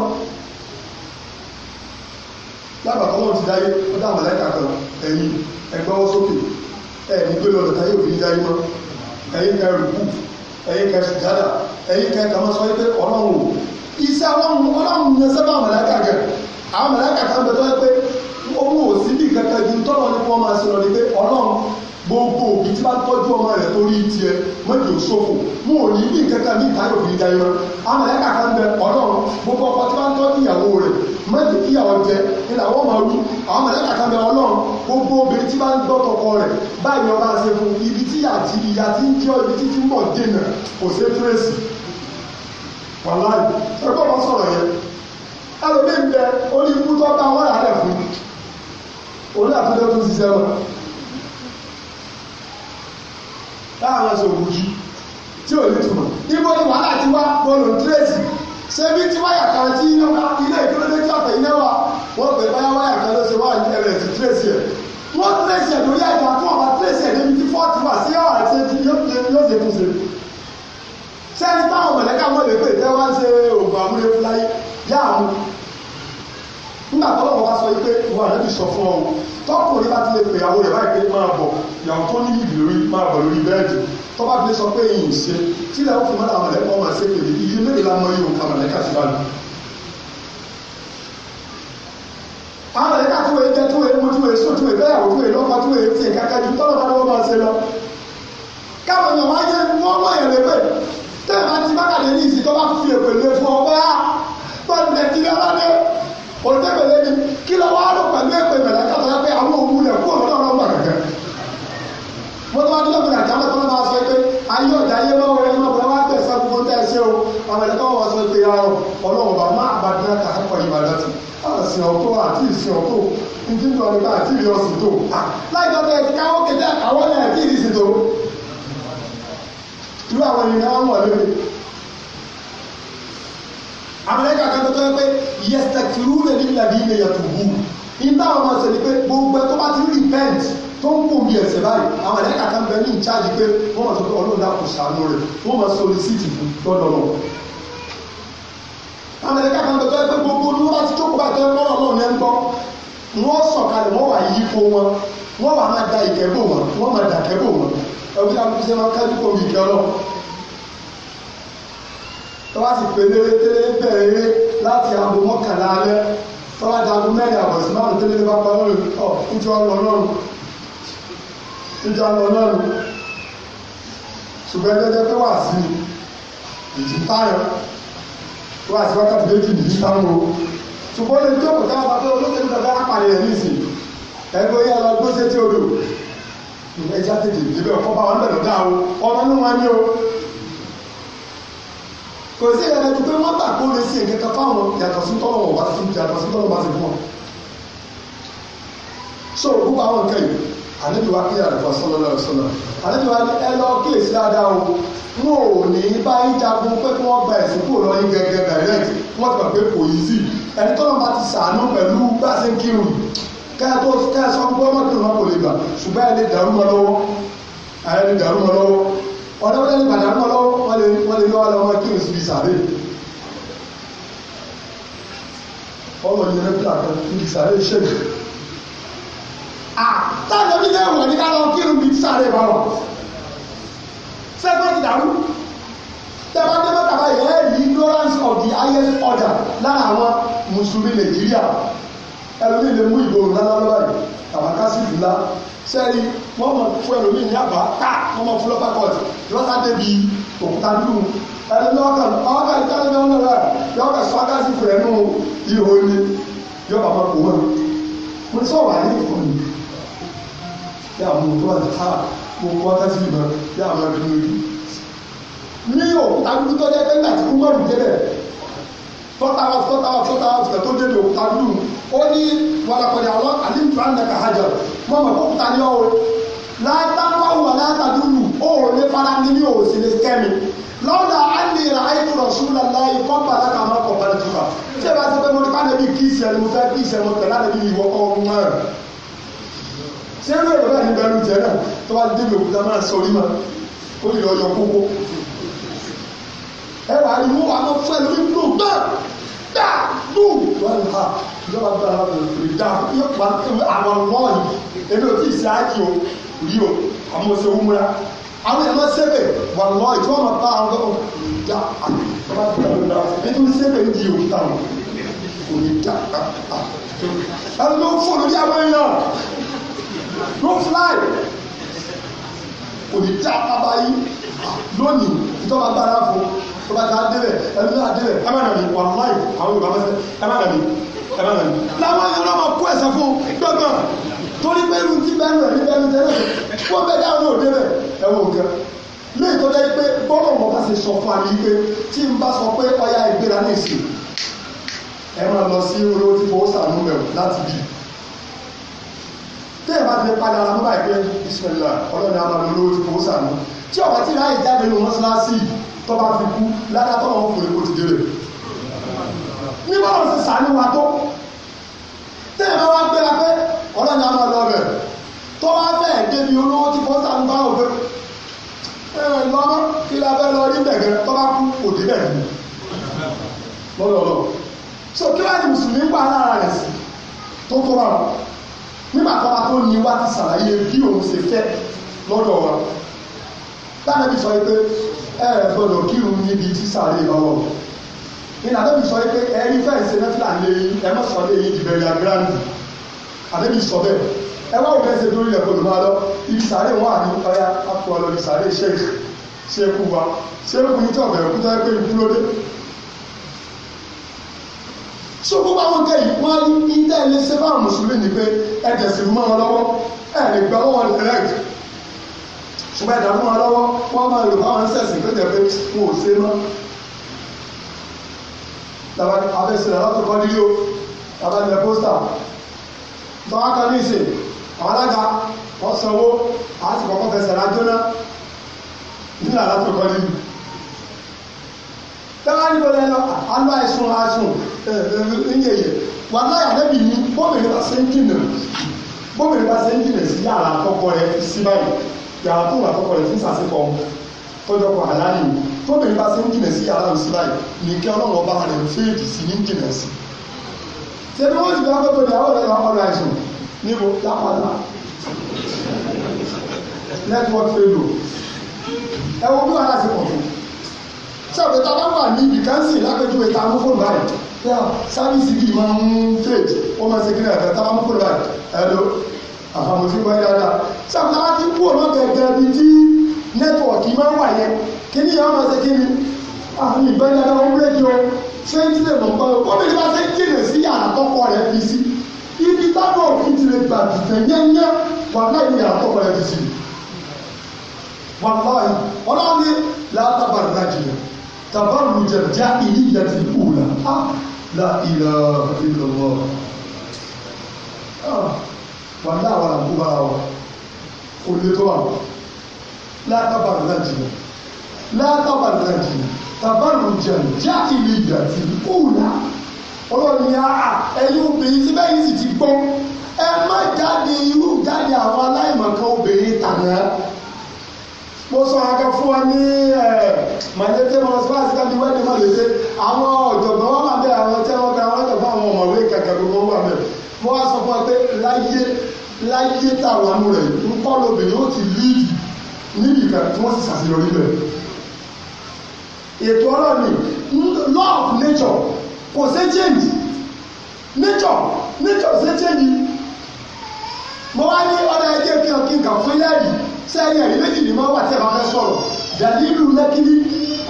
lábàtà wọn ti dáyé wọn dá màláìka kan ẹ̀yin ẹgbẹ́ wọn sókè ẹ ní gbé lọ lọta yóò fi dáyé mọ ẹ̀yin ẹrù kù ẹ̀yin kẹ sùjádà ẹ̀yin kẹ kàmọ́ sọ pé ọlọ́run o iṣẹ́ ọlọ́run ọlọ́run yẹn sábà mọ̀láka gẹ̀ àwọn mọ̀láka kan bẹ tó yẹ pé owó òsínbì kankan ju tọ́lọ́ ní kó máa ṣe pé ọlọ́run gbogbo òbí tí bá tọ́jú ọmọ rẹ̀ torí tiẹ̀ mọ́jọ sófò mo ò ní bí nǹkan kan ní ìtayọ̀ òbí jẹ irun àmọ́ ẹ̀ kàkà ń bẹ ọlọ́run gbogbo ọkọ tí bá ń tọ́jú ìyàwó rẹ̀ mọ́jọ kíyàwó jẹ ìlàwó máa rú àmọ́ ẹ̀ kàkà ń bẹ ọlọ́run gbogbo obìnrin tí bá ń gbọ́ tọkọ rẹ̀ báyìí ọba ṣe fún ibi tí àti ìyá ti ń jẹ́ ibi títí mọ̀ dènà kò ṣe tírèsì wàláì ẹgbẹ́ wọn sọ̀rọ̀ yẹn ẹlòmíì ń bẹ oníkú tó bá táwọn sọ òbújú tí ò ní túmọ̀ ibo ni wàhálà ti wá bọ́ọ̀lù tírèsì ṣebí tí wáyà kan tí ilé ìdúródé tí àtẹ̀yìn náà wà wọ́n pè báyà wáyà kan ló ṣe wá ẹ̀rẹ̀ ti tírèsì ẹ̀ wọ́n tírèsì ẹ̀ lórí àìgbà fún ọ̀la tírèsì ẹ̀ níbi tí fọ́ọ̀tì wà sí ọ̀rẹ́ ṣe ti yóò ṣe kú ṣe sẹ́ni táwọn mọ̀lẹ́ká wọ́n lè pè tẹ́ wá ń ṣe òògùn àmúlẹ̀ fúláyé yáà mú nígbà tó lọ́wọ́ bá sọ yí pé wọn àdébì sọ fún ọ̀hún tọkùnrin bá ti lè pè ìyàwó rẹ̀ báyìí pé máa bọ̀ ìyàwó tó ní ìbì lórí máa bọ̀ lórí bẹ́ẹ̀dì tó bá fi sọ pé ìyìn ṣe tí ìyàwó fi mọ́ta àwọn ẹ̀kọ́ wọn ṣe pèlè iye mélòó la mọ yóò kàmọ̀ lẹ́ka sí báyìí. àwọn ẹ̀ka tó wẹ̀ jẹ́ tó wẹ̀ mú tó wẹ̀ sọ tó wẹ̀ bẹ́yàwó tó wẹ̀ lọ́kọ tó wẹ̀ ti kankan ju tọ́lọ́ bá lọ́wọ́ máa ṣe lọ. káwọn èèyàn wáyé wọ́n mọ̀ ẹ̀rẹ́ pẹ̀ tẹ́ẹ̀ bá ti bá kàdé ní ìsìn tó bá olùdókòlè ni kí lọ wá rò pẹ̀lú èpè mẹ̀lẹ́ kàtà pé àwọn òkú rẹ̀ kú òun náà lọ́gbà kẹ̀kẹ́ mo ní wá ní ọ̀gbìn àti amẹ́kọ́ náà sọ pé ayé ọ̀dà ayé máa wọlé máa bọ̀ wá tẹ̀sán gbogbo tẹ̀ sí o amẹ́ríkà wọ́n sọ pé ayọ̀ ọlọ́run bá má àbádá kà á kọ́ ìbàdàn tì àsìn ọ̀tọ̀ àti ìsìn ọ̀tọ̀ ìdí ìlú ọ̀rẹ́ta àti ìrì ọ̀sìn tó láìjọ bẹ́ẹ̀ ti káwọ́ kéde àkàwọ́ náà àti ìrì ìsìn tó irú àwọn ènìyàn wọn lónìí àwọn ẹ̀ka kan tó tọ́ pé yẹsẹ̀kìrú lè ní ìlànà ilẹ̀ yàtùbù nígbà wọn máa ṣe ni pé gbogbo ẹ tó bá ti repent tó ń kùn bí ẹsẹ̀ báyìí àwọn ẹ̀ka kan bẹ ní ìcháàjì pé wọ́n máa sọ pé ọlọ́run dà kò sànú rẹ̀ wọ́n máa sọ ní síìtì fún lọ́dọ̀ lọ. àwọn ẹ̀ka kan tó tọ́ pé gbogbo ní wọ́n bá ti tó ń lọ́rọ̀ náà ní ẹ̀ ń gbọ́ wọ́n sọ̀kalẹ̀ wọ́n wà yípo wọn wọ́n wà máa da ìkẹ́bò wọn wọ́n máa dà kẹ́bò wọn ẹ̀wọ́n tọ́wá sì pé lélétélé bẹ̀rẹ̀ eré láti aago mọ́kànlá alẹ́ tọ́wá di aago mẹ́rin àbọ̀ sí márùn tẹ́lẹ̀ bá pa lọ́rùn ọ̀ níjọ́ lọ lọ́rùn níjọ́ lọ lọ́rùn ṣùgbọ́n ẹgbẹ́ pé wà sí ìdí táyọ̀ wà sí wákàtí méjì ìdí táwọn o ṣùgbọ́n lè jókòó táwọn bá pé olóṣèlú dàgbà apàlẹ̀ ẹ̀ níìsín ẹgbẹ́ yẹn lọ gbóṣe tí odò ẹja tètè débẹ̀ ọkọ̀ bá wọn bẹ̀rẹ̀ dáa o ọmọ inú wọn ní o kò sí ìrẹ́lẹ̀ tó pé wọ́n gbà kó lè ṣe ìkẹ́kẹ́ fáwọn yàtọ̀ sí tọ́lọ̀ wọn bá ti yàtọ̀ sí tọ́lọ̀ bá ti fún so gbogbo àwọn nǹkan yìí àlejò wa kíyà lọ́fà sọ́lọ́lá ọ̀sọ́lá àlejò wa ẹ lọ kíyèsí dáadáa o wọn ò ní bá yín jagun pé kí wọ́n gba ẹ̀sìn kúrò lọ yín gẹ́gẹ́ direct wọ́n ti gbà pé kò yí sí ẹni tọ́lọ̀ bá ti sàánú pẹ̀lú bá kírun kẹ́ẹ̀tọ́ kẹ́ẹ̀sán gbọ́mọ́tò náà ọ̀dọ́ bẹ́ẹ̀ ni bàtà ń lọ wọ́n lè wọ́n lè lọ́wọ́ lọ́wọ́ kí o sì fi sàré ọmọ ní ẹni tó àkọ́ fi sàré ṣe é táwọn ẹbí náà wọ̀ ní ká lọ kí o fi sàré bá wọ̀ sẹ́gbẹ́ ti dàrú tẹ́gbẹ́ tẹ́gbẹ́ tàbá yẹ ẹ́ ignorance of the highest order lára àwọn mùsùlùmí Nàìjíríà ẹlòmíì lè mú ìgbòho lálọ́ lọ́wọ́ yìí tàbá kásìlì la sẹ́yìn wọ́n mọ̀ fún ẹlòmíì ní àbá tá wọ́n mọ̀ fún lọ́pàá kọ́ọ̀tì lọ́sà débi òkúta dúró ẹni lọ́kà ọ̀kà ìtàlẹ́ náà lọ́la yọ̀ọ̀kà sọ akásì fún ẹnu ihò ni yọ̀ọ̀kà máa kó wọn. mo sọ wà ní ìfọ̀ ni yà á mú tó àti tá mo kọ́ akásì yìí náà yà á máa dúró ní òkúta dúró tó jẹ́ pé tọ́ta wà tọ́ta wà tọ́ta wà tọ́ta tó dé ní òkúta lù ó ní wàlàkọ̀dà àwọn àlìntù ànàkà hajà mọ́ mọ́ òkúta ní ọ̀rọ̀ látàwọn wà látàdúrù ó lè fara ní ní òsì lè kẹ́mi lọ́dà á ní ìrà àìkú rọ̀ṣúlà láì kọ́pà lákàmọ́ kọ̀ọ̀bá ní tuka tí ẹ bá ti pẹ́ mọ́ni kánẹ́bí kí ìṣẹ̀lẹ̀ mo fẹ́ kí ìṣẹ̀lẹ̀ mo tẹ̀lé àdébí ìwọ ọmọ ẹ̀ ṣé lóòrè bẹ́ẹ̀ ni bẹ́ẹ̀ ló jẹ́ náà tó bá débi òkúta máa sọ orí mọ́ ó lè lọ kókó ẹ wà á mú àwọn fún ẹlòmíì ló dá bú wọn ha ìjọba gba àwọn òkèèrè dá yóò pa àwọn lọ́ọ̀yì èmi ò tí ì ṣáájú o rí o àmọ́ ṣe wúmúra àwọn ẹ̀ma sẹ́bẹ̀ wà lọ́ọ̀yì tí wọ́n bá àwọn ọkọ̀ dá àti ọba gba àwọn ẹni tó sẹ́bẹ̀ ń di òkúta wọn kò ní dá ẹni tó fún olórí àwọn èèyàn ló fly kò ní dá bàbá yìí lónìí ìjọba gbára fún tó bá ti á débẹ̀ ẹni náà débẹ̀ ẹ má nàbí wà láì àwọn yorùbá mẹsẹ ẹ má nàbí ẹ má nàbí. làwọn èèyàn náà máa kó ẹsẹ̀ fún gbọ̀ngàn torí pé irun ti bẹ́ẹ̀ rẹ̀ ní bẹ́ẹ̀ ní tẹ́lẹ̀ wọ́n bẹ́ẹ̀ dáhùn náà débẹ̀ ẹ wọ nǹkan lé ìtọ́jà yìí pé bọ́lọ̀ wọn bá ṣe sọ fún àmì pé tí n bá sọ pé ọya ìgbéra ní ìsìn ẹ máa lọ sí olówó tí fowó sàánú mẹ́wò láti bì tẹ́yìn bá ti padà ara mọ́bà ìpè bisimilá ọlọ́run àwọn àmì olówó ti fowó sànú tí ọba ti ráyè jáde nínú mọ́ṣáláṣí tó bá fi kú ládá tó wọn kò lè kó ti dé rẹ̀ ní bọ́lá ti sànú wa tó tẹ́yìn bá wá gbéra pé ọlọ́run àwọn àlọ́ rẹ̀ tó wá fẹ́ débi olówó ti fowó sànú bá òfé ẹ̀rọ lọ́mọ kí la fẹ́ lọ rí bẹ̀gẹ̀ tó bá kú kò dé bẹ̀ lọ́lọ́lọ́ so kí wàá ní mùsùlùmí pa ara rẹ̀ sí tó tó bá wọn nígbà tó wá tó ní wá ti ṣàlàyé bí òun ṣe fẹ́ lọ́dọ̀ wa lánàbí sọ pé ẹ ẹ gbọ́dọ̀ kírun níbi tí sàárè lọ́wọ́ ìlànà àdébí sọ pé ẹ rí fẹ́ ṣe mẹ́fìlà lé ẹ má sọ lé yín di bẹ̀rẹ̀ àgbẹ̀rẹ̀ àdébí sọ bẹ́ẹ̀ ẹ wá òun ẹsẹ̀ lórí ẹ̀kọ́ ló máa lọ ibi sàárè wọn àní ọ̀yà akọ ọlọ́ọ̀dì sàárè ṣe é ṣe é kú wa ṣe é kú yín tí ọ̀bẹ̀rẹ̀ kú tó yẹ pé ìdúró dé so gbogbo àwọn nǹkan yìí wọ́n ní ilé ilé ṣe fáwọn mùsùlùmí ni pé ẹ̀jẹ̀ sì mọ́ ọ lọ́wọ́ ẹ̀ gbà wọ́n direct ṣùgbọ́n ẹ̀dá mọ́ ọ lọ́wọ́ wọ́n máa lò báwọn ń sẹ̀sìn tó jẹ́ pé wọn ò ṣe mọ́ tàbá abẹ́sẹ̀ lọ́tọ̀ kọ́ nílò tàbá ilẹ̀ pósítà tọ́wọ́ kan ní ìsìn àwọn alága wọ́n sanwó àti kọ́kọ́ fẹsẹ̀ rájọ́ná nílò àlátọ̀ kọ́ nílò tẹ́wọ́n ní bọ́lá ẹ̀lọ́ àánú àìsùn àìsùn ẹ̀ẹ́dẹ́gbẹ̀yẹ wà láyà lẹ́bi ní bóbìnrin bá ṣe ń jìnà bóbìnrin bá ṣe ń jìnà sí yàrá àkọ́kọ́ rẹ sí báyìí yàrá tó wà àkọ́kọ́ rẹ fún sàṣekọ̀ tọ́jọ́kọ̀ àlàyé bóbìnrin bá ṣe ń jìnà sí yàrá òsì báyìí nìkẹ́ ọlọ́run ọba rẹ fèèdì sí ní jìnà sí. ṣebí wọ́n ti fi akọ́tọ̀ ní àwọn ọ̀rẹ́ ọ̀rẹ́ àìsùn níbo lápàdà network failure ẹ̀wọ̀n bí wàhálà ti pọ̀ fún un sọ̀rọ̀ tá a bá wà ní ìkànsì lápẹjúwe tá a mú fóònù báyìí tí a sáfìsì bíi máa ń tèèdì ó máa ṣe kíni àgbà tá a bá mú fóònù báyìí ẹ̀lò àfàmùsí gbọ́ dáadáa sọ̀rọ̀ tá a bá ti kú ọ̀nà gẹ̀gẹ̀ bí tí nẹ́tíwọ̀kì máa ń wà yẹn kíní yẹn ó máa ṣe kíni àmì ìbẹ́lẹ́dá ó rédíò ṣé ń tilẹ̀ mọ̀ pẹ́ ó lè bá ṣe jìnà sí yàrá tọ́kọ rẹ̀ fi sí ibi táwọn òfin ti lè gbà dùtẹ̀ yẹ́nyẹ́ wà láì yàrá tọ́kọ rẹ̀ fi sí wàláì ọlọ́run ní látàbàrà تبرج الجاهلية الأولى آه. لا إله إلا الله wàlá àwọn àbúrò àwọn olè tó àwọn látàbàrù náà jìnnà látàbàrù náà jìnnà tàbàrù jẹun já ilé ìjà ti kúùlà ni àá ẹ̀yin obìnrin tí bẹ́ẹ̀ yìí sì ti gbọ́n ẹ má jáde irú jáde àwọn aláìmọ̀kan obìnrin tàná mo sọ àga fún wa ní màlété mọ̀lẹ́síláàsì tàbí wẹ́ẹ̀dì màlété àwọn ọ̀jọ̀gbọ́n wà bẹ́ẹ̀ àwọn tí wọ́n kẹ́ra wọ́n lọ fún àwọn ọ̀mọ̀wé kẹ̀kẹ́ gbogbo wà bẹ́ẹ̀ mo wá sọ fún wa pé láyé láyé tá a wà nù rẹ̀ ń kọ́ lóbìnrin ó ti líìdì níbi ìgbà tí wọ́n sì ṣàṣeyọrí bẹ̀. ètò ọ̀rọ̀ ni law of nature kò ṣe change nature nature ṣe change mo wá ní ọ̀dà ẹjẹ́ kí n kí n kà fún lẹ́rìí sẹ́yìn ẹ̀rí méjì ni mo wà tí ẹ bá fẹ́ sọ̀rọ̀ dàlílù lẹ́kìlì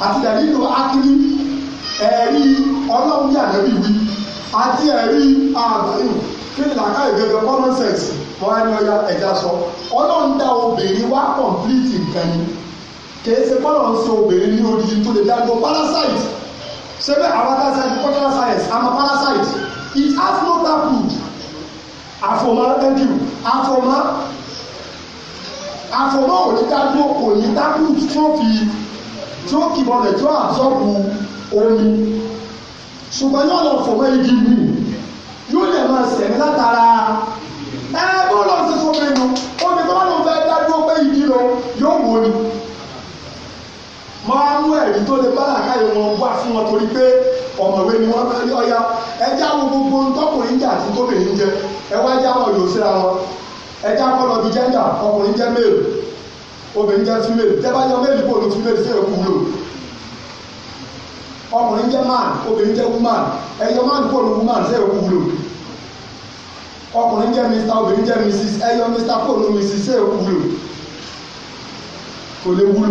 àti dàlílù akílì ẹ̀rí ọlọ́run yà lẹ́bí wí àti ẹ̀rí àgbáyò kí ni làákà ìgbẹ́gbẹ́ common sense mo wá ní ọ̀yà ẹ̀já sọ ọlọ́run dá obìnrin wá complete nǹkan ni kìí ṣe bọ́lọ̀ ń ṣe obìnrin ní odi tó lè dájú parasite ṣé bẹ́ẹ̀ àwọn akáṣá agricultural science àmọ́ parasite it has no tap root àfọmọ́ thank you àfọ̀mọ́ àfọ̀mọ́ ò ní dájú kò ní dájú tí ó fi tí ó kì bọ̀lẹ̀ tí omi ṣùgbọ́n yóò lọ fọ̀mọ́ igi mi yóò lè máa sẹ̀mí látara ẹ bó lọ sí fún mi nu omi tó lọ fẹ́ dájú pé igi lọ yóò wò ni máa mú ẹ̀rí tó lè bá làkàyè wọn wá fún wọn torí pé ọ̀mọ̀wé ni wọ́n máa ń ọya ẹjẹ́ àwọn gbogbo tọkùnrin jẹ́ àti tóbìnrin jẹ́ ẹ wá jẹ́ àwọn yòó síra wọn ẹjẹ́ akọ́lọ́ bíi jẹ́ńdà ọkùnrin jẹ́ male obìnrin jẹ́ female tẹ́bá yọ male bò ní female sí èkú wúlò ọkùnrin jẹ́ man obìnrin jẹ́ woman ẹyọ man bò ní woman sí èkú wúlò ọkùnrin jẹ́ mr obìnrin jẹ́ mrs ẹyọ mr bò ní mrs sí èkú wúlò kò lè wúlò.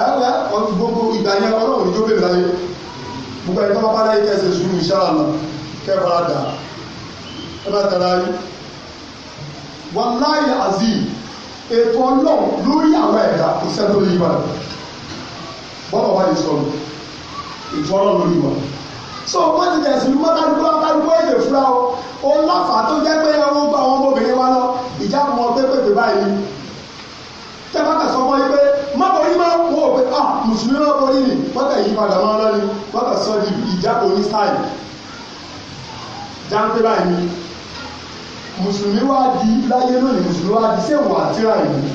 ẹ̀rọ ọdún gbogbo ìgbà yẹn ọlọ́run ìjọ lè láyé gbogbo ẹni tó bá bá láyé kẹsẹ̀ sùúrù ìṣàlànà kẹfà dà ẹ bá tẹ̀lé ayé wọn láyé azeem ètò ọlọ́run lórí àwọn ẹ̀dá kò sẹ́ni lórí ìbàdàn bọ́lá wà lè sọ̀rọ̀ ètò ọlọ́run lórí wọn. so wọ́n ti tẹ̀sí ní mọ́tàdúgbò àkàdúgbò èdè fúra o òun láfà tó jẹ́ pé ẹ wọ́n gba àwọn ọmọbìnrin wa lọ ìjà mọ́ pépèpè báyìí tẹ́ bá kà sọ mọ́ yí pé mùsùlùmí náà kọ́ yìí wákà yìí padà máa lọ́ni wákà sọ di ìjábọ̀ ní sáì jáńpé báyìí mùsùlùmí wá di láyé lónìí mùsùlùmí wá di sẹ́wọ̀n àtìrà yìí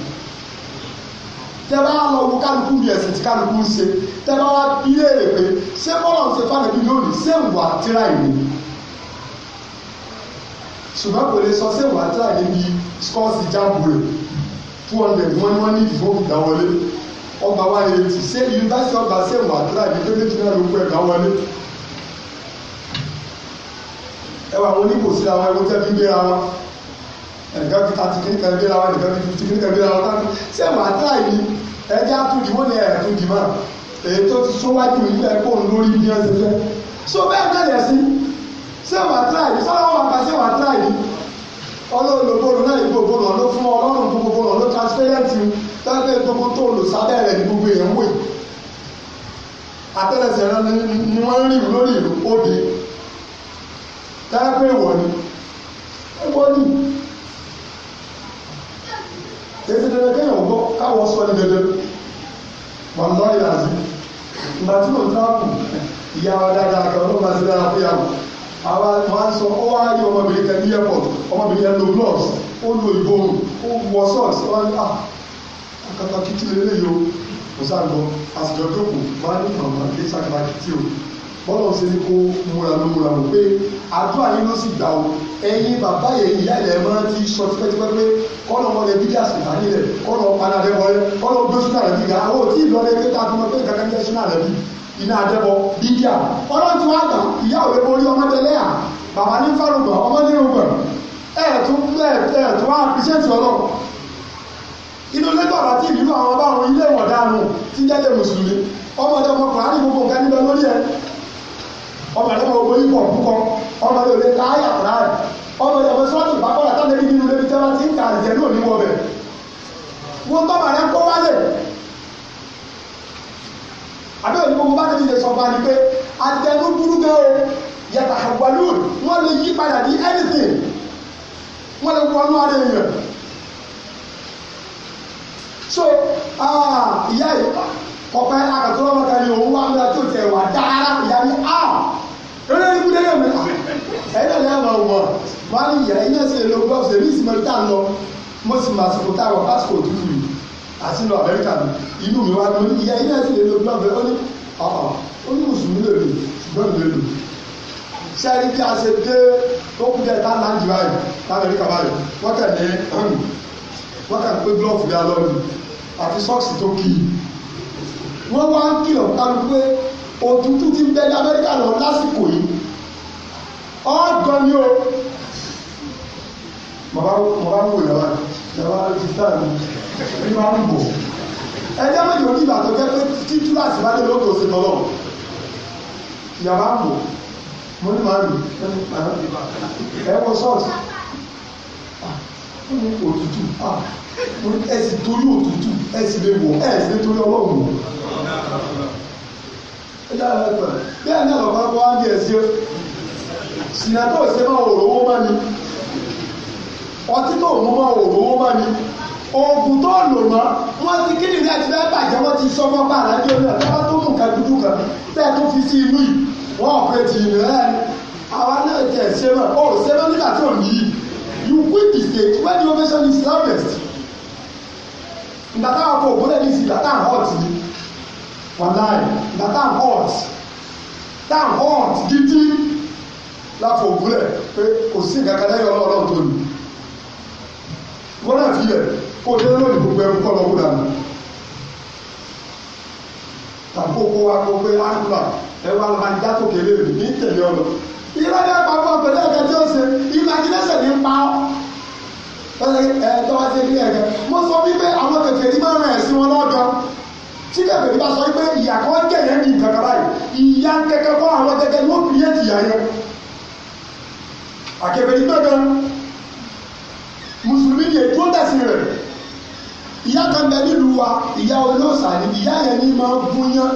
tẹ́lá lọ wo kálukú bí ẹ̀sìn tí kálukú ń ṣe tẹ́lá wá bí léèrè pé ṣé bọ́lá ń ṣe fáwọn ẹbí lónìí sẹ́wọ̀n àtìrà yìí ṣùgbọ́n kò lè sọ sẹ́wọ̀n àtìrà yìí bí skọ́ọ̀sì jáàbù rẹ̀ two hundred wọ́n ní wọ́n ní ìdìbò ìdáwọlé ọgbà wa lè ti ṣe yunifásitì ọgbà sẹ́wọ̀n àdúrà ibi tó létí náà ló ń pẹ́ ẹ̀ka wọlé. ẹ wà wọn oníbò síra wọn ẹgbẹ́ tẹ́bí gbéra wọn ẹnìkan fi tàti kíníkan gbéra wọn ẹnìkan fi fìtì kíníkan gbéra wọn tàbí sẹ́wọ̀n àdúrà yìí ẹjẹ́ àtúndì wọ́n ní ẹ̀ẹ́dúndì mọ́ èyí tó ti sọ́wájú yìí ẹ̀kọ́ lórí bí wọ́n ṣe fẹ́ so bẹ́ẹ̀ bẹ́ẹ̀ ọlọ́run lòbóòrùn náà ìgbò òbóòrùn ọ̀nà fún ọlọ́run fún gbogbo ọ̀nà transparent lábẹ́ gbogbo tó lò sábẹ́ rẹ̀ ní gbogbo èèyàn wè àtẹ́lẹsẹ̀ rẹ ni wọ́n ń rìn lórí ìlú òde dáàbò ìwọ̀ ni ẹgbọ́ ni èsì dandan kéèyàn gbọ́ káwọ́ sọ ní dandan wọn lọ́ọ̀yà sí ìgbà tí mo ń sáàpù ìyá wa dáadáa kan ló máa ti dára fún yàwó àwa wọn á sọ ó wá yọ ọmọbìnrin kan ní airport ọmọbìnrin yẹn lo gloves ó lo ìborùn ó wọ socks ó wá ní ah akata kìtì lélẹ̀ yìí o kò sáàgbọ́ àsìjọ jókòó máa ní màmá kí sàkàtà kìtì o bọ́lọ̀ ṣe ni kó múra ló múra mọ̀ pé àdúrà yín ló sì gbà o ẹ̀yin bàbá yẹn ìyá ilẹ̀ máa ti sọ tipẹ́tipẹ́ pé kọ́nà ọmọdé bíi àsìkò nílẹ̀ kọ́nà ọ̀pá náà rẹ̀ bọ́lẹ̀ kọ́nà ọgbẹ́ súnà rẹ̀ bíi àwọn òtí ìlọrin pé tá a fi mọ pé kankan jẹ́ súnà rẹ̀ bíi iná àjẹbọ bídíà ọlọ́run ti wá gbà ìyá òwe borí ọmọdé lẹ́yà bàbá ní fárùgbà ọmọdé rúgbà ẹ̀ẹ̀tún ẹ̀ẹ̀tún wá píṣẹ́ǹtì ọlọ́run inú ilé bàbá tí ìlú àwọn ọba àwọn ilé ìwọ̀n dànù ti jẹ́lẹ̀ mùsùlùmí ọmọdé ọmọ kùrán ní gbogbo nǹkan níbẹ̀ lórí ẹ̀ ọmọdé ọmọ ogun ikọ̀ púpọ̀ ọmọdé òde káyà kùrán ọmọdé ọmọ sọ́ọ̀tì ìbákọ́lá tábìlì nínú ilé bí tẹ́lá ti ń kà àjẹ́ ní òníwọ̀ bẹ̀ àbẹ́ òní gbogbo bá ní ìdíje sọ fún wa ni pé àtẹnu burú gan o yàtà àgbàlù wọn lè yí padà ní anything wọn lè wọnú ara èèyàn so ah, ìyá yìí ọ̀pẹ akàtúrọ̀ wọn kan ní òun wà nígbà tó tẹ̀ wá dára ìyá ni a ah, lórí ikú délé mi ah, ẹ̀yin náà lẹ́yìn náà wọ̀ wọ́n á ní ìyá yìí náà sì lè lo gloves èmi sì mọ̀ ní tá à ń lọ mo sì mọ̀ àsìkò tá a òtútù yìí àti lọ amẹ́ríkà mi inú mi wá ló ní ìyá yín láti lè lo blọọbẹ ó ní ọ̀ọ́ ah, ah, ó ní mùsùlùmí lè lò ṣùgbọ́n mi lè lò sẹ́ẹ̀rí bí a ṣe dé tó kú a táńláńdì báyìí táńláńdì báyìí wọ́n kàn ní hmm. wọ́n kàn pé blọọfù yà lọ́ọ̀nù àti sọ́ọ̀sì tó kì í wọ́n wá ń kìlọ̀ kálù pé òtútù ti ń bẹ ní amẹ́ríkà lọ lásìkò yìí ọ̀ọ́dọ̀ ni o mọ̀ bá wò yàrá yìí ẹ̀rọ ìfẹ́ mi ní máa ń bò ẹjẹ́ méjì òní ìgbà tó jẹ́ pé títú láti bá délé òtò òsìn tọ́lọ̀ ìyàwó ń bò mo ní máa ń lò ẹ̀wọ̀n sọ́ọ̀sì fún òtútù mo ní ẹ̀sì torí òtútù ẹ̀sì lè wọ̀ ẹ̀sì lè torí ọlọ́run ẹjẹ́ ẹ̀rọ ẹ̀pẹ̀ ọtí tó mú mọ́ òòrùn ó mọ́ ni oògùn tó lò mọ́ wọ́n ti kíni ní àti bẹ́ẹ̀ bàjẹ́ wọ́n ti sọ fọ́ bá àrẹ́jọ́ náà tọ́wọ́ tó mú nǹkan dúdú kan tẹ́ẹ̀ tó fi sí inú yìí wọ́n ọ̀pẹ tì í rẹ́ àwa náà tẹ̀ ṣe mọ́ ó ṣe mọ́ nígbà tó ní yìí you quit the state when the ovation is loudest ìgbà táwọn kò gbọ́dọ̀ ní ìsìn ìgbà táwọn hot ni wọ́n láì ìgbà táwọn hot táwọn hot gidi láfọ̀ ògbúlẹ̀ pé kò sí ìkàkàlẹ́ yọ ọlọ́run tó ní wọ́n náà fi yẹ kó o tẹ́lẹ̀ lónìí gbogbo ẹ̀kú kọ́lọ́ kúrò àná tàbí kókó wa kó pé áńkúlà ẹ̀rọ alùpàdé tó kéré rè ní tẹ̀lé ọ̀nà ìrọ̀lẹ́ àpapọ̀ pẹ̀lú ẹ̀kẹ́ tí ó ṣe imagination ní pa ọ́ ẹ̀ẹ́dọ́ wa ti rí ẹ̀kẹ́ mo sọ wípé àwọn kẹfẹ́ ní máa rẹ̀ sí wọn lọ́dọ̀ tí kẹfẹ́ ní bá sọ wípé ìyà kan jẹ̀yẹ́ ní ìkàkà báyìí ìyà kẹkẹ kọ́ àwọn kẹkẹ ló kìí mùsùlùmí ni èdúró tẹ̀sìn rẹ̀ ìyá kan bẹ nílùú wa ìyá olóòsà ni ìyá yẹn ní máa gúnyán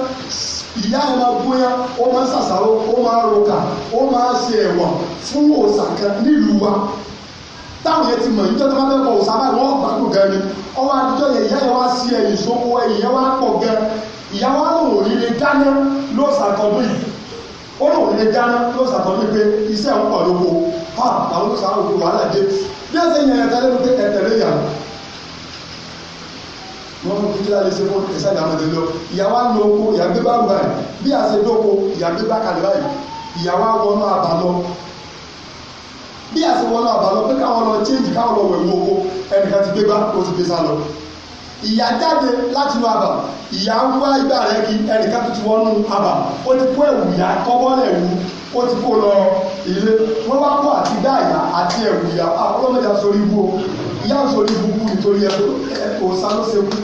ìyá yẹn máa gúnyán ó máa ṣàṣàrò ó máa roka ó máa ṣe ẹ̀wọ̀n fún òòsà kan nílùú wa táwọn yẹn ti mọ̀ níjọ́ tó bá fẹ́ kọ òòsà báyìí wọ́n bá kú gan ni ọwọ́ adijọ́ yẹn ìyá yẹn wá sí ẹ̀yìn sóko ẹ̀yìn yẹn wá pọ̀ gan ìyá wa lòun ò ní lè dáná lóòsà kan bí ó lòun ò ní lè dáná lóòsà kan bí pé iṣẹ́ ń bí ẹsẹ yẹn ẹta lẹnu pé ẹtẹlẹ yà wọn fi kíkí láti ṣe fún ẹsẹ ìdáhùn ẹdẹ lọ ìyàwó àná oko ìyàgbé bá wù báyìí bí àṣẹ dọkọ ìyàgbé bá kàlẹ báyìí ìyàwó àwọnú àbálọ bí àṣẹ wọnú àbálọ pé káwọn lọ chéǹjì káwọn lọ wẹwú oko ẹnìkan ti gbé bá o ti gbé sá lọ ìyá jáde láti inú àbà ìyá ń wá ìgbà rẹ kí ẹnìkan tó ti wọnú àbà ó ti kó ẹwù ìyá kọ́bọ́lẹ̀ wù ó ti kó lọ ilé wọ́n wá kó àti dáàyà àti ẹ̀wù ìyá àwọn ah, ọlọ́mọdé àsorí bú o ìyá àsorí bú kú nítorí ẹ̀kọ́ sanóṣekú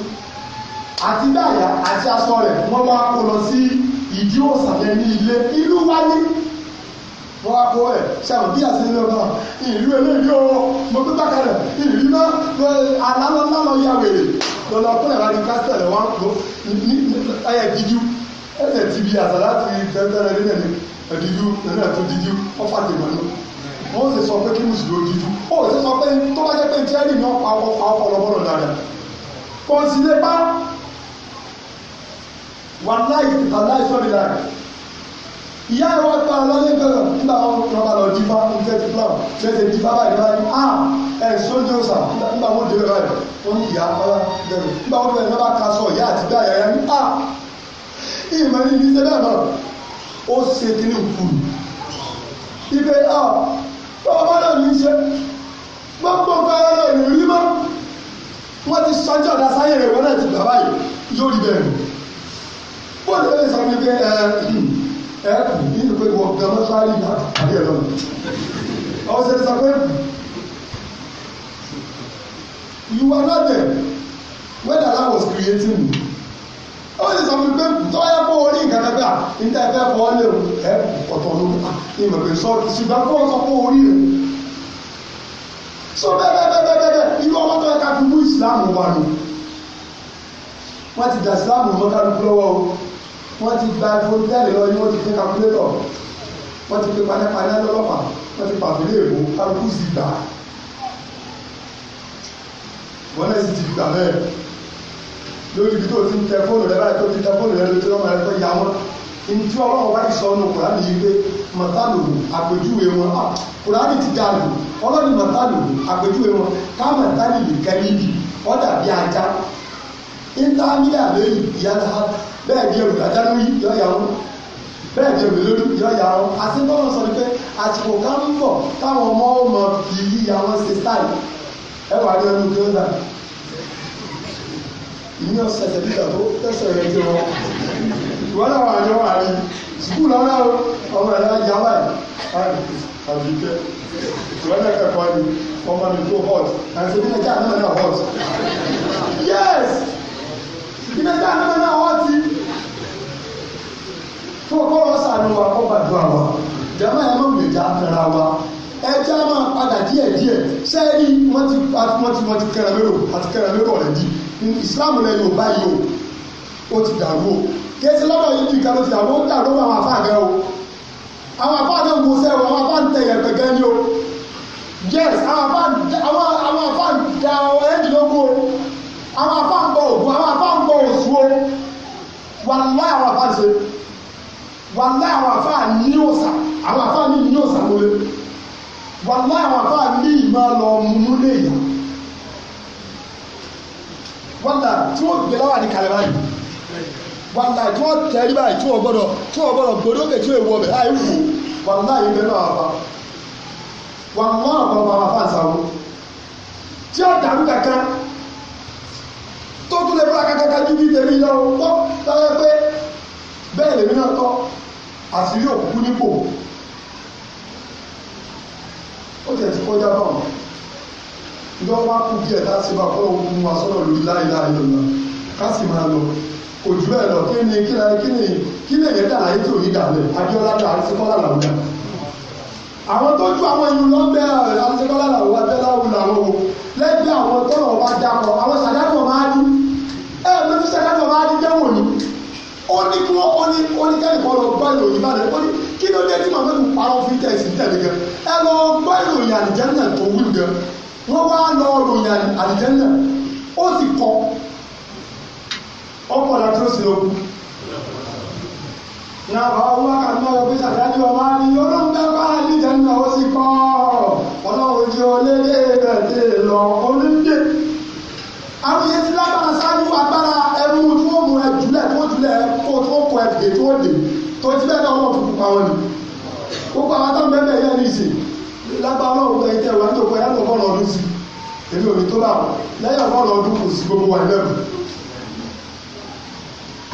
àti dáàyà àti aṣọ rẹ̀ wọ́n wá kó lọ sí ìdí òsàn ní ilé ìlú wáyé wọ́n wá kó ẹ̀ ṣàwọn bí àṣẹ ilé ọ̀nà ìlú eléyìí o mo gbé bàkà rẹ̀ ìlú náà alálọ́lá lọ yà wèrè lọ́lọ́ kúnlẹ̀ láti kásítẹ̀ rẹ̀ wọ́n ẹ̀yẹ gidi ẹsẹ̀ ti bi àṣà láti tẹ́tẹ́rẹ́ nílẹ̀ ní ẹ̀dídú nínú ẹ̀tọ́ dídú ọ̀fà tèmọ̀ nù wọ́n sì sọ pé kí mùsùlùmí ó dídú ó sì sọ pé tó bá jẹ́ pé tí ẹ̀rí náà pa ọkọ̀ ọlọ́bọ̀lọ̀ dára kò sì lè bá wà láì tà láì sọ́ọ̀rì láì ìyá ẹ̀ wá gba lọ́lé bẹ̀rẹ̀ nígbà wọn lọ́ba lọ dífá oúnjẹ ti fúlà ṣe ṣe dífá báyìí báyìí a ẹ̀ sóúnjẹ ọ̀sà nígbà wọn dé bẹ̀rẹ̀ báyìí wọn ìyá ọlá bẹ̀rẹ̀ nígbà wọn bẹ̀rẹ̀ lọ́ba kasọ̀ ìyá àti bẹ́ẹ̀ ayẹyẹ ní a ìmọ̀ ní ibi sẹ́dá náà ó ṣe kí ní kùrù ibẹ̀ à bàbá náà ní iṣẹ́ gbogbo kára náà ní rí mọ́ wọ́n ti sọ́jọ́ ọ̀dà sáyé rẹ̀ wọ́n náà ti bàbá yìí yóò rí bẹ́ẹ̀ bọ́ọ̀lù ẹ̀ lè sọ fún mi pé ẹ ẹ kì í pé wọ́n gbẹ mọ́ sáré ìgbà àbí ẹ̀ lọ́nà àwọn sọ pé you are not there whether that was creating me ó sì sọ fún mi pé tọ́yà kó orí nǹkan kan bíà níta ẹ̀fẹ́ fọ́ lé o ẹ̀ ọ̀tọ̀ ló ní ìmọ̀pẹ̀ sọ ṣùgbọ́n kó sọ kó orí rẹ̀ sọ bẹ́ẹ̀ bẹ́ẹ̀ bẹ́ẹ̀ bẹ́ẹ̀ bẹ́ẹ̀ irú ọmọ tó yẹ ká fi mú ìsìlámù wa nù wọ́n ti dà ìsìlámù mọ́ kálukú lọ́wọ́ o wọ́n ti gba ìfowó jáde lọ yìí wọ́n ti fi kakulétọ̀ wọ́n ti fi panẹ́panẹ́ lọ́lọ́pàá wọ́n ti lórí ibi tó ti ń tẹ fóònù rẹ báyìí tó ti tẹ fóònù rẹ lórí tí wọ́n máa rẹ tó ya wọn ntí ọlọ́run bá ti sọ ọ́nù kùránì yìí pé mọ̀tálù àpèjúwe wọn ah, kùránì ti dà lù ọlọ́run mọ̀tálù àpèjúwe wọn káàmọ̀ tálì lè kẹ́lí bì ọ̀dà bí ajá intanida lórí ìyára bẹ́ẹ̀ di ẹrù ajá lórí yọ̀yà wọn bẹ́ẹ̀ di ẹrù lórí yọ̀yà wọn àti bọ́lá sọ ni pé àsìkò ká ń táwọn ọmọ ọmọ fi yíya wọn ṣe táì ẹwà ní ọdún tó ń dà ìyẹn ọ̀sẹ̀ tẹ̀lé ìgbàgbọ́ tẹ̀sẹ̀ rẹ̀ ti wọ́n wọn náà wà ní wà ní sukùl náà náà ọmọ ẹ̀ náà yàrá ẹ̀ àbí kẹ́ wọn náà kẹ́kọ̀ọ́ ni ọmọ mi tó hot àti ìdílẹ̀jà náà náà hot yes ìdílẹ̀jà náà náà hot tó kọ́ lọ sànù wa kọ́ gbàdúrà wa jàmá ẹ̀ máa ń lè já kẹ́ra wa ẹja máa padà díẹ̀díẹ̀ sẹ́ẹ̀rì wọ́n ti kẹ́ra mélòó àti kẹ́ra mélòó rẹ̀ díì ìsìláàmù lẹ yóò báyìí o ó ti dàrú o kéésì lọ́dọ̀ yìí nìkan ló ti dàrú ó ń dàrú àwọn àfáà gan o àwọn àfáà náà ń wo sẹ́wọ̀ àwọn àfáà ń tẹ yẹ̀pẹ̀ gan ni o yes àwọn àfáà ń da ẹ̀ẹ́dínlógún o àwọn àfáà ń bọ ògùn àwọn àfáà ń bọ òsù o wàlá àwọn àfáà ṣe wàlá àwọn àfáà ní òsà àwọn àfáà ní ní òsà lóore wàlá àwọn àfáà ní ìmọ̀ lọ mú wàlá tí wọ́n gbé láwà ní kalẹ̀ báyìí wàlá tí wọ́n tẹ̀rí báyìí tí wọ́n gbọ́dọ̀ tí wọ́n gbọ́dọ̀ gbòdó kè tí èwo ọbẹ̀ láì wù wàlá yìí bẹ́ẹ̀ náà bá wàlá ọ̀pọ̀lọpọ̀ àwọn afáàsàwò tí ó dàrú kankan tó tún lè bá kankan ju bí tèmi lọ wọ́n tọ́lẹ́ pé bẹ́ẹ̀ lèmi náà tọ́ àṣírí òkú nípò ó tẹ̀ ti kọjá báwọn ìjọ wa kú díẹ̀ tá a sì bá fọlọ́ ohun wa sọ̀rọ̀ lórí láìláì lọ́la ká sì máa lọ òjú ẹ̀ lọ kí ni kí ni kí ni kí ni èyẹ dàlàyé tí òní dàlẹ̀ Abíọ́lá dà àrísíkọ́lá làwọn dà àwọn tó ju àwọn ìlú lọ́gbẹ́ àrísíkọ́lá làwọn wá bẹ́lá wù làwọn o lẹ́gbẹ́ àwọn tọ́lọ̀ wá dapọ̀ àwọn sàdákọ̀ máa ní ẹ lórí sàdákọ̀ máa ní dẹ́wọ̀ ni ó ní kí wọ́n ó ní ó ní kẹ́nìkan lọ gbọ́ ìròyìn bá lẹ́nu ó ní kí ló dé tí màmá mi parọ́ fi tẹ̀sí tẹ̀lé gan ẹ lọ gbọ́ ìròyìn àlìjẹ́ náà tó wúlò gan wọ́n wá lọ ròyìn àlìjẹ́nà ó sì kọ ọkọ̀ làtúrọ̀sì lókun na àwọn wákà náà wọ́n fi ṣàdájọ́ ọmọ ní olóńgbà bá àlìjẹ́nà ó sì kọ́ ọlọ́run jẹ́ olédè ìrẹ̀dè lọ olóńdè àwọn yẹn ti lágbára ṣáájú agbára ẹrú tí wọ́n mú ẹ jùlẹ̀ tó jùlẹ̀ kó tó kọ ẹ̀dẹ̀ tó dé tó ti bẹ́ẹ̀ náà wọ́n fi pupa wọn ni gbogbo àwọn tó ń bẹ́ẹ̀ bẹ́ẹ̀ yẹn ní ìsìn lápá ọlọ́run tẹ́ tẹ́ wà tó kọ yàtọ̀ fọ́rọ̀ ọdún sí èmi ò ní tó bá wọn lẹ́yìn fọ́rọ̀ ọdún kò sí gbogbo wa lẹ́nu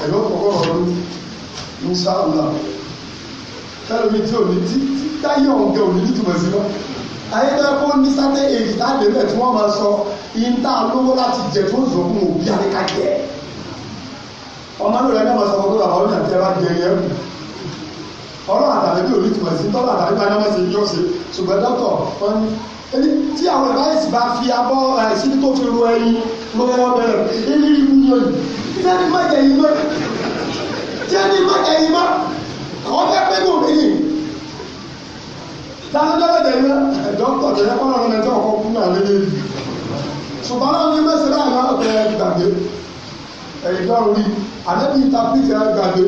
ẹ̀lọ́ fọ́rọ̀ ọdún ní sáàlá tẹ́lẹ̀ mi tí ò ní tí táyé ọ̀hún gẹ òní nítumọ̀ sí wọn ayé bẹ́ẹ̀ kó ní sátẹ́ èyí táàdé bẹ́ẹ̀ tí wọ́n máa tá a lówó láti jẹ tó ń zọkún òbí àríkàjẹ ọmọdé rẹ náà máa sọ fún pé bàbá ó ní àti ẹ bá jẹ ọ̀rọ̀ àdàlẹ́ bí òní tìmọ̀ sí tọ́lá àdàlẹ́ bá dáná sí yóò ṣe ṣùgbọ́n dọ́tọ̀ wọn ni tí àwọn ìbáyìsì bá fi abọ́ àìsí tó fi ro ẹyin lọ́wọ́ bẹ̀rẹ̀ ilé ìlú yẹn sẹ́ni má jẹ ìmọ̀ sẹ́ni má jẹ ìmọ̀ àwọn fẹ́ pé kò méjì dáadáa dẹ̀ ní dọ́tọ̀ tẹ̀lé kọ́nà ọ̀nà tí ọkọ̀ kú náà lélẹ́ yìí ṣùgbọ́n àwọn ní mẹ́sẹ̀lẹ́ àná ọ̀tẹ̀ gbàgbé ẹ̀yìn tó ń rí àdébí ìtàkùn ìtẹ̀ gbàgbé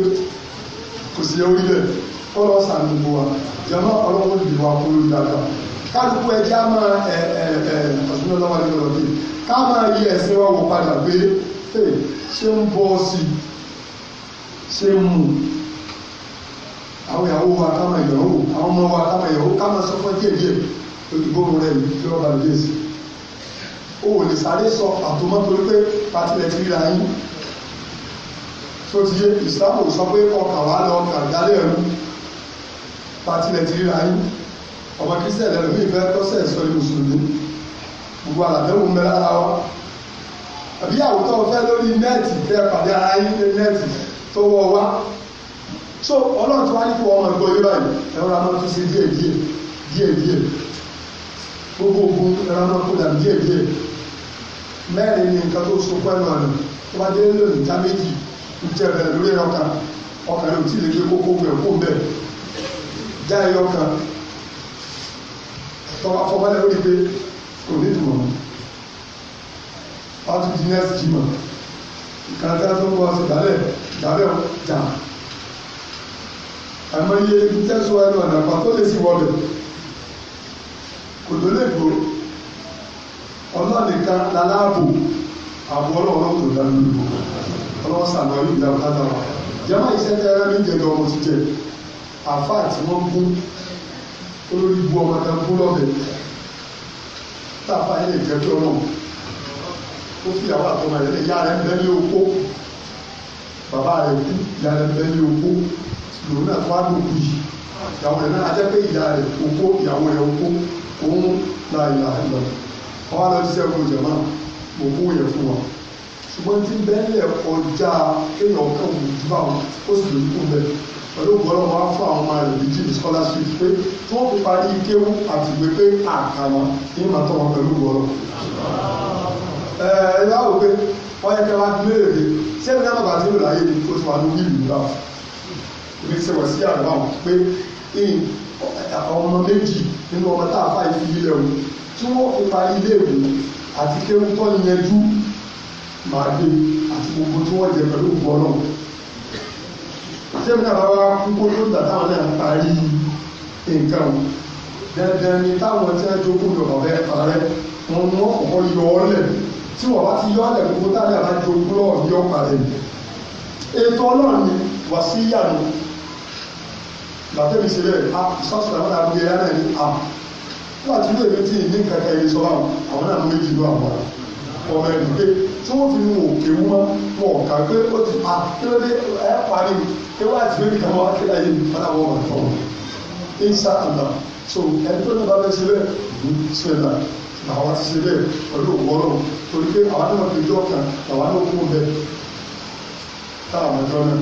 kò sí orí kọ́lọ́ sàn gbogbo wa jọmọ́ ọlọ́wọ́ lè wà kúrò dáadáa kálukú ẹjẹ́ á máa ẹ ẹ ẹ ọ̀sùn ọlọ́wọ́ ní ọ̀rọ̀ bíi ká máa yí ẹ̀sìn wa wò padà pé ṣé ń bọ́ sí i ṣé ń mú àwọn ìyàwó wa ká máa yọ̀ wò àwọn ọmọ wa ká máa yọ̀ wò ká máa sọ fún díẹ̀ díẹ̀ fi ọba lè dèsì o ò lè sáré sọ àtòmọ́ torí pé pàtìlẹ̀ ti ríra yín tó ti yé ìsìlámù sọ pé ọkà wà lọ kàdálẹ̀ ẹ̀rú pati nàìjíríà yín ọmọ kristian lẹnu mi fẹ tọ́sẹ̀ sọ ní mùsùlùmí gbogbo àlàbẹ̀wò mẹ́ra ara wa àbí àwùjọ fẹ́ lórí nẹ́ẹ̀tì fẹ́ pàdé ara yín lórí nẹ́ẹ̀tì tó wọ wá so ọlọ́run tí wàá ní kó ọmọ ìgbọ́ yín báyìí ẹ̀rọ la máa tún ṣe díẹ̀ díẹ̀ díẹ̀ díẹ̀ gbogbo ogun ẹ̀rọ la máa kó dà díẹ̀ díẹ̀ mẹ́rin ni nǹkan tó so pẹ́ẹ́nù àná tó bá dé lónìí já méjì ń jẹ́ bẹ̀rẹ̀ lórí ẹ̀rọ kan ọkàn rẹ̀ ò tí ì lè gbé kókó gbẹ̀ kó bẹ́ẹ̀ já ẹyọ kan tọ́wọ́ afọ́bálẹ̀ lórí pé kò ní ìtumọ̀ wọ́n é di next jimọ̀ ìkàtà tó ń bọ̀ ọ̀sẹ̀ dálẹ̀ dálẹ̀ jà àmọ́ iye tẹ́sùn ẹnu ọ̀nà kan tó lè sí wọlé kò tó lè gbòó ọlọ́nìkan lálábò àbò ọlọ́run tó dá lórí ọlọ́sàn lọ yìí dáadáa jẹ́mọ́ ìṣẹ́jẹ́ rẹ́ mi jẹ́ lọ́wọ́ ti jẹ́ àfáà tí wọ́n kú olórí bu ọmọ kan kú lọ́bẹ̀ táàfà yẹn lè jẹ́ pé ọlọ́run ó fi àwọn àtọmọ yẹn ìyá rẹ̀ ń bẹ ní opó bàbá rẹ̀ kú ìyá rẹ̀ ń bẹ ní opó lòun náà tó wá lò kú yìí ìyàwó rẹ̀ náà á jẹ́ pé ìyá rẹ̀ opó ìyàwó rẹ̀ opó òun náà ìlà ìlọ wọn á lọ sí ẹkùn jẹ̀mọ́ òkú yẹn fún wọn ṣùgbọ́n tí bẹ́ẹ̀ lẹ̀ kọjá kéèyàn kan pẹ̀lú ògbọ́dọ̀ máa fún àwọn ọmọ religion scholarship pé tó fi parí kéwú àti ìwé pé àkàwà ní màtọ́ wọn pẹ̀lú ògbọ́dọ̀. ẹ ẹ yá wò pé ọyẹ kẹ wá léèrè ṣé ẹni náà bàtí ìlú láyé ni ó ti wà ní wíìlì nígbà wọn èmi ti wọ̀ sí àgbà wọn pé ọmọ méjì nínú ọmọ tá a fà ìfi ilẹ̀ o tí wọ́n fi parí léèrè àti kéwú tó yẹjú màá dé àti gbogbo tí wọ́n jẹ pẹ̀lú ògbọ́dọ̀ tẹ́mi náà bá wá kú kó ló gbà táwọn náà parí nǹkan dandan ni táwọn tí wọ́n jogún lọ bàbá ẹ̀ parẹ́ wọn ni wọ́n kọ́kọ́ yọ ọ́ lẹ̀ tí wọ́n bá ti yọ ọ́ lẹ̀ gbogbo táwọn náà bá jogún lọ́ọ̀ yọ parẹ́ ètò ọlọ́run ni wà sí yàrá gbàtẹ́mi sílẹ̀ a sọ́ọ̀sì làwọn náà gbé yàrá yìí a wọ́n àti ilé mi ti ní kankan yìí sọ́ọ́ àwọn náà méjì ló àwọn àwọn ọ̀rọ̀ ẹ̀dùn pé tí wọ́n fi nu òkè mú wá wọn ò kà pé ó ti pa kí ló dé ẹ parí kí wọ́n àti bébí kan wá kí láyé padà wọ́n wà fún un insha allah so ẹni tó ní bá bẹ́ẹ̀ ṣe bẹ́ẹ̀ ṣe là làwọn ti ṣe bẹ́ẹ̀ pẹ̀lú òwúrọ̀ torí pé àwọn náà fi jọ́ kan làwọn náà kú bẹ́ẹ̀ táwọn ọjọ́ náà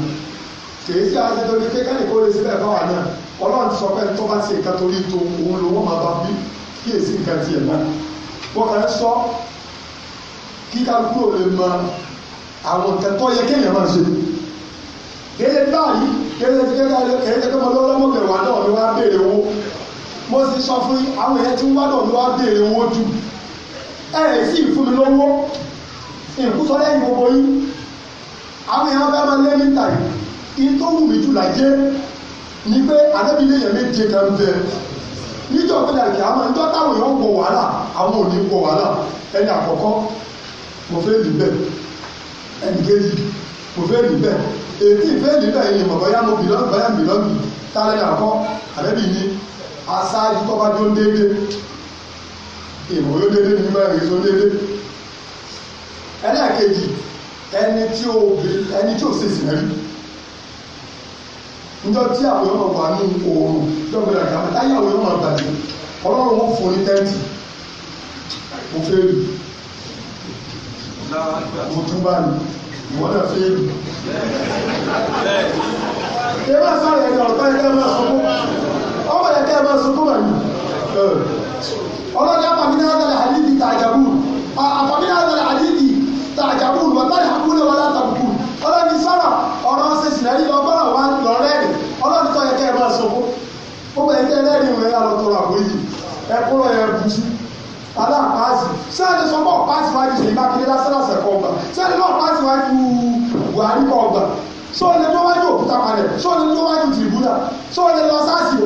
kìí sí àwọn ẹjọ́ ní kékeré kó lè sílẹ̀ fáwọn náà ọlọ́run ti sọ pé tó bá ti nǹkan torí tó òun lòun máa bá bí kíyèsí nǹkan tiẹ̀ náà wọ́n kàn ń sọ kíkálukú ò lè mọ àwọn nǹkan yẹ kéèyàn máa ṣe kéde báyìí kéde kéde kéde ọmọdé ọlọ́mọbìnrin wa náà ni wọ́n á béèrè owó mo sì sọ fún àwọn èèyàn tí wọ́n náà ni wọ́n á béèrè owó jù ẹ̀ ẹ̀ sì fún mi lówó ìkúsọ lẹ́yìn gbogbo yìí àwọn èèyàn bá máa lẹ́mí tàì in tó wù mí jù láyé ni pé anábìlẹ̀ yẹn méje kan bẹ níjọ́ pé dàrúkì àwọn ìjọ táwọn èèyàn wọ wàhálà àwọn ò ní wọ wàhálà ẹni àkọ́kọ́ mo fẹ́ lù bẹ́ẹ̀ ẹnìkejì mo fẹ́ lù bẹ́ẹ̀ ètí ìfẹ́ lù bẹ́ẹ̀ yìí mọ̀ bọ́yá mo bìlọ́ọ̀gì bọ́yá mi bìlọ́ọ̀gì tálẹ́ àkọ́ àrẹ́bì ni aṣáájú tọ́ba tó déédé ìmọ̀ yóò déédé ní mẹ́rin tó déédé ẹlẹ́ẹ̀kejì ẹni tí ó ẹni tí ó ṣe ìsìn rí njọ́ tí àwọn ọmọ wà ní oòrùn lọ́gbẹ̀rẹ̀ àgbà táyà àwọn ọmọ àgbàdì ọlọ́run ó fún tẹ́ǹtì mo fẹ́ lù mo tún bá mi ìwọ náà fẹ́ mi. ẹ máa sọ àyẹ̀dá ọ̀tá ẹ̀dá máa sunkún ọmọ ẹ̀dá ẹ̀ máa sunkún wà ní. ọlọ́dẹ àpàmìnà àdàlẹ̀ àdìdì tàjàbù àpàmìnà àdàlẹ̀ àdìdì tàjàbù wọ́tàlẹ̀ àkúlẹ̀ wọlé àtàbùkù ọlọ́dẹ sọ̀rọ̀ ọ̀rọ̀ ṣe sìnàrí lọ́gbọ́n wa lọ́rẹ́rì ọlọ́dẹ tọ́ ẹ̀kẹ́ ẹ̀ máa sunkún ó bẹ̀ẹ́ tàbí àpáàsì sẹ́ẹ̀dì sọ bọ́ọ̀ páàsì wá ju Ṣèyí Mákindé lásánàṣẹ kọ ọgbà sẹ́ẹ̀dì bọ́ọ̀ páàsì wá ju Buhari kọ ọgbà sọ́ọ̀lẹ̀ tó wájú òkúta palẹ̀ sọ́ọ̀lẹ̀ tó wájú tìrìbùnà sọ́ọ̀lẹ̀ lọ sáàsì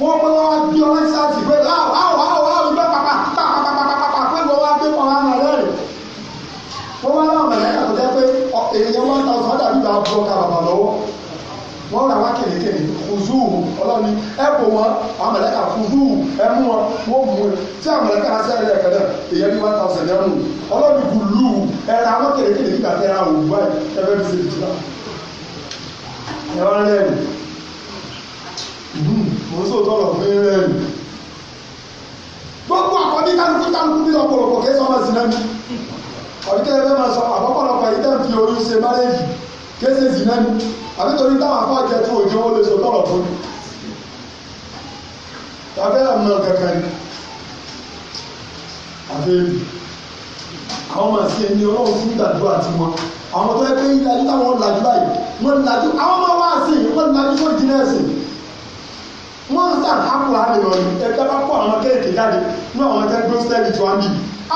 o wọ́n mọ wọn bí ọmọ sáàsì pé láwọ àwọ àwọ àwọ ìgbẹ́ pàpà pàpàpàpàpà pé wọ́n wá gbé pàpà náà lẹ́rìn wọ́n wá láwọn mẹ̀lẹ́kà tó jẹ́ pé èèyàn one thousand dàbí bá bọ́ ká bàbà lọ́wọ́ wọ́n ra wá kèrèkèrè fùzúù ọlọ́ni ẹ̀bù wọn àmàlẹ́kà fùzúù ẹ̀mú wọn wọ́n mú ẹ tí àmàlẹ́kà á sẹ́yìn lẹ́ẹ̀kan náà èyàn ní one thousand ẹ̀mú ọlọ́ni gùlù ẹ̀ra wọ́n kèrèkèrè nígbà tẹ́ ra òwú báyìí ẹ̀fẹ́ fi ṣe ìtura. ẹ wá rẹ́ẹ̀nì mò ń sọ tọrọ fún rẹ́ẹ̀nì. gbogbo àkọ́bí kálukú kálukú bí lọ́pọ̀lọpọ̀ kẹ́sọ́ máa sì náà lẹ́nu àbí torí táwọn afọ àjẹ tí òjò ó lè so tọrọ fún mi tàbí àwọn kankan ni àbẹ́rẹ́ àwọn ọmọ àti ẹni ọlọ́run fún ìdàdúrà àti wọn àwọn tó yẹ pé ìdájú táwọn làjú báyìí wọn làjú àwọn ọmọ wa sí wọn làjú fún ìdílé wọn sàn ápùlà àlè lọ ní ẹgbẹ́ bá kó àwọn kéèké jáde ní àwọn ẹgbẹ́ gbé sẹ́ẹ̀lì tí wọ́n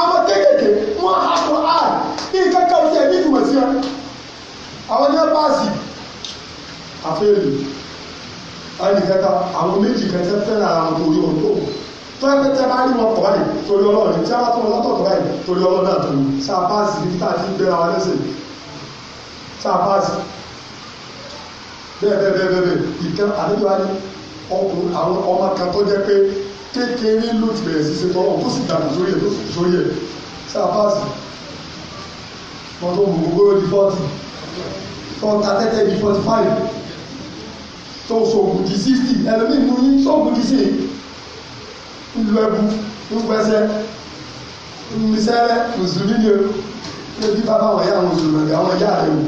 àwọn kéèké wọn ápùlà àlè ní ìkẹ́kẹ́ sí wọn àwọn ní ọ́pàásì àfẹ́lù ẹnìkẹta àwọn méjì kẹtẹ fẹ́ra àwọn torí ohun tó tó ẹgbẹ́ tẹ bá rí wọn pọ̀ báyìí torí ọlọ́run tí a bá tún wọn lọ́tọ̀ọ̀tọ̀ báyìí torí ọlọ́run náà torí sáà páàsì ní títà tí ń bẹ́ra wa lẹ́sẹ̀ sáà páàsì bẹ́ẹ̀ bẹ́ẹ̀ bẹ́ẹ̀ bẹ́ẹ̀ ìtẹ́ àdébí wa ní ọkùnrin àwọn ọmọ kan tó jẹ́ pé kékeré ló ti bẹ̀rẹ̀ sí ṣe tọ́wọ́ tó sì dàgbà sórí ẹ̀ tó sì sórí ẹ̀ sáà páàsì wọn tó gbogbo gbogbo di fọ́ọ̀tì tọ́ta tẹ́tẹ́ bíi forty five tó sọ̀gùn di sixty ẹlòmíì mú yín sọ̀gùn di sèé ńlọ ẹbú ńgbẹ́sẹ̀ ńmisẹ́rẹ́ mùsùlùmí ni o ebi bàbá wọn yà wọn sùn lọ́dẹ àwọn yà rẹ̀ wò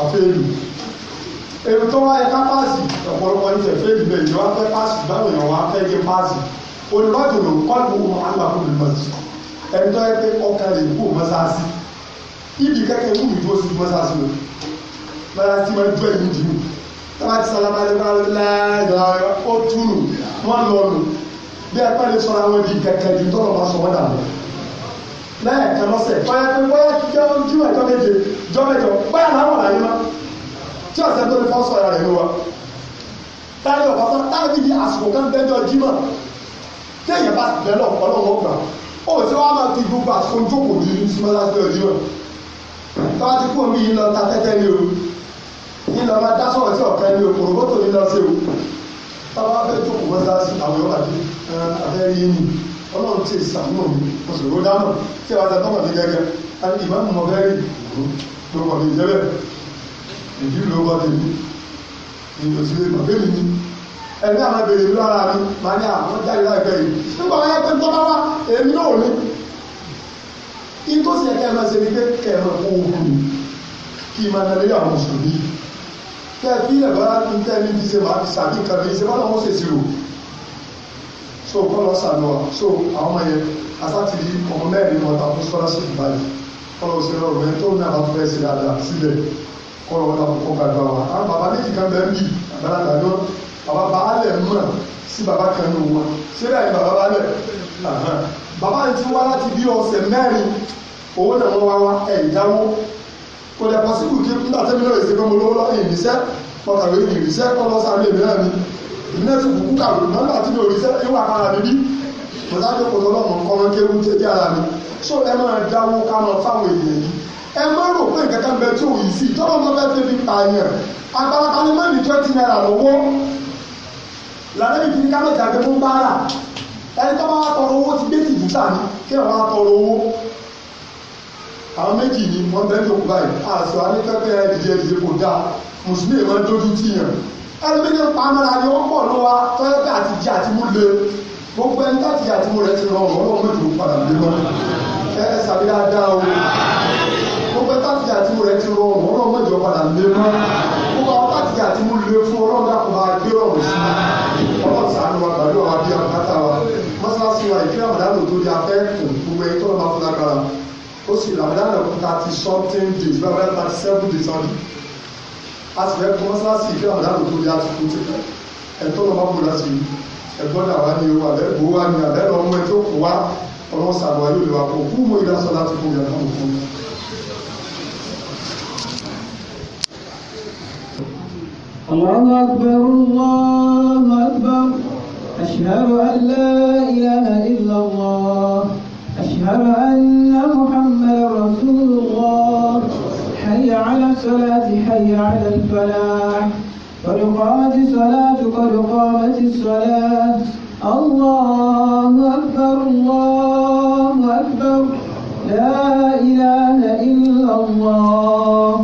àfẹ́lù èrò tó wáyé ká páàsì ọ̀pọ̀lọpọ̀ ní tẹ̀fẹ́lù bẹ́ẹ̀ ni wọ́n fẹ́ páàsì báwọn èèyàn wọ́n fẹ́ gé páàsì olùbàdàn kọ́ọ̀lù wọn àgbà fún mi mọ̀ ẹ̀ńtọ́ ẹgbẹ́ ọkàn lè kú mọ́sáàsì ibi kẹ́kẹ́ wù mí dúró sí mọ́sáàsì o báyà tí wọ́n dúró ìlú dìbò tábà ti sálámà lè bá láàyè ó túrù wọ́n lọ lò bí ẹ pẹ́ẹ́lẹ́ sọ àwọn ibi kẹ́kẹ́ ju tọ́lọ̀ máa sọ wọ́n dà lọ. lẹ́ẹ̀kan lọ́sẹ̀ báyà pé báyà jẹ́ ojú ẹ̀jọ́ méje jọ́ mẹ́jọ báyà láwọn àyè má tí ọ̀sẹ̀ tó lè fọ́ sọ ara rẹ̀ ló wa. táyọ̀ bàbá táyọ̀ bíbi àsìkò kan bẹ́jọ́ jímọ̀ téèyàn bá bẹ́ẹ̀ lọ ọ̀pọ̀lọpọ̀ gbà ó sì wá máa fi gbogbo àsìkò jókòó tọ́wá ti kú omi yìí lọ ta tẹ́tẹ́ ní o yìí lọ máa dá sọ̀rọ̀ tí ọ̀kan ní o kòròbótò ní lọ sí o tọ́wá fẹ́ tó kò mọ́sá sí àwọn yóò àti abẹ́rẹ́ yìí ni ọlọ́run ti sàmúnà mi mo sì rò dáná tí a ta tọ́mọ̀ mi gẹ́gẹ́ àti ìmáàmù mọ bẹ́ẹ̀ ló wọ̀ mí jẹ́bẹ̀ èyí ló wọ́ mi ní ìlú sí ìmọ̀gbẹ́ mi ẹ̀mí àwọn abèrè ìlú ara mi máa ní àwọn jáde láìpẹ́ ìtòsí ẹ̀kẹ́ máa ṣe ní pé kẹ̀mọ̀ fún ogun ni kí n máa nàlẹ́ àwọn mùsùlùmí tẹ́ fi ẹ̀bá ń tẹ́ ní ṣe máa fi sàbí so kọ́ lọ sànù so àwọn ọmọ yẹn asátìrí ọmọ mẹ́rin wọn ta fún scholarship báyìí kọ́ lọ sí ọ̀rọ̀ rẹ tó ní àbátú fẹ́ ṣe dáadáa síbẹ̀ kọ́ lọ wọn kọ́ gbàgbà wa àwọn bàbá méjì kan bẹ́ẹ̀ bì àgbàlagbà náà bàbá baálẹ̀ mọ̀ sí bàbá kan ní wọn ṣé báyìí bàbá baálẹ̀ bàbá yìí ti wá láti bí ọ̀sẹ̀ mẹ́rin owó náà wọ́n wá wá ẹ̀ ìdáwó kò dẹ̀ pọ̀sibù kí nígbà tẹ́mi náà èsì gbọ́n mo lówó lọ́ọ́ ìrìnsẹ́ ọkàwé ìrìnsẹ́ kọ́ lọ́ sáré mi náà ni ìdílé ti kúkú kàwé nọ́mbà tí mi ò rí sẹ́ ìwà kára mi bí mo sáré kò tọ́ lọ́mọ kọ́ wọn kéwú tẹ́ bí ara mi so ẹ máa dáwó ká máa fáwọn èèyàn yìí ẹ má rò pé nǹkan kan bẹ tí ò yìí sí tọ́lọ́ tó fẹ́ fi pààyàn àgbàlagbà ni má ní twenty naira lọ́wọ́ làdébìtì ní ká lọ́jà gbé fún báárà ẹni tó bá wá tọrọ owó ti gbé tìjú sàmì kí ẹ̀ wá tọrọ owó àwọn méjì ni wọ́n bẹ́ẹ̀ ní òkú báyìí àṣọ anífẹ́fẹ́ ìdíje ìdíje kò dáa mùsùlùmí máa ń dójú tì yàn ẹni bí ní pamara ni wọ́n pọ̀ lọ́wọ́ tọ́lẹ́pẹ́ àti jẹ àti mú le gbogbo ẹni láti jẹ àti mú rẹ ti rọrùn ọlọ́run méjì ló padà dé mọ́ ẹ ẹ sàbí dáadáa o gbogbo ẹni láti jẹ àti mú rẹ ti rọrùn ọlọ́run méjì ló padà dé mọ́ gbogbo àwọn láti jẹ àti mú le fún ọlọ́run dàkú máa gbé rọrùn sí i ọlọ́run sàánú wa gbàdúrà wa bí àbúkátà wa mọ́sálásí wa ìdí àmàdánù tó di afẹ́ kò gbogbo ẹni tó lọ́ máa fún lágbára ó sì làmàdánù thirty something days bá bẹ́ẹ̀ thirty seven days ọdún a sì fẹ́ fún mọ́sálásí ìdí àmàdánù tó di àtúntò ti pẹ́ ẹ̀ tó lọ́ máa fún láti ẹ̀gbọ́n àwa ni o àbẹ́ gbowó wa ni àbẹ́ lọ́mú ẹ tó kù wa ọlọ́run sàánú wa yóò lè wa kó kú mọ́ ìdásọ́lá ti fún yàrá òkú الله أكبر الله أكبر أشهد أن لا إله إلا الله أشهد أن محمد رسول الله حي على الصلاة حي على الفلاح قد قامت الصلاة قد قامت الصلاة الله أكبر الله أكبر لا إله إلا الله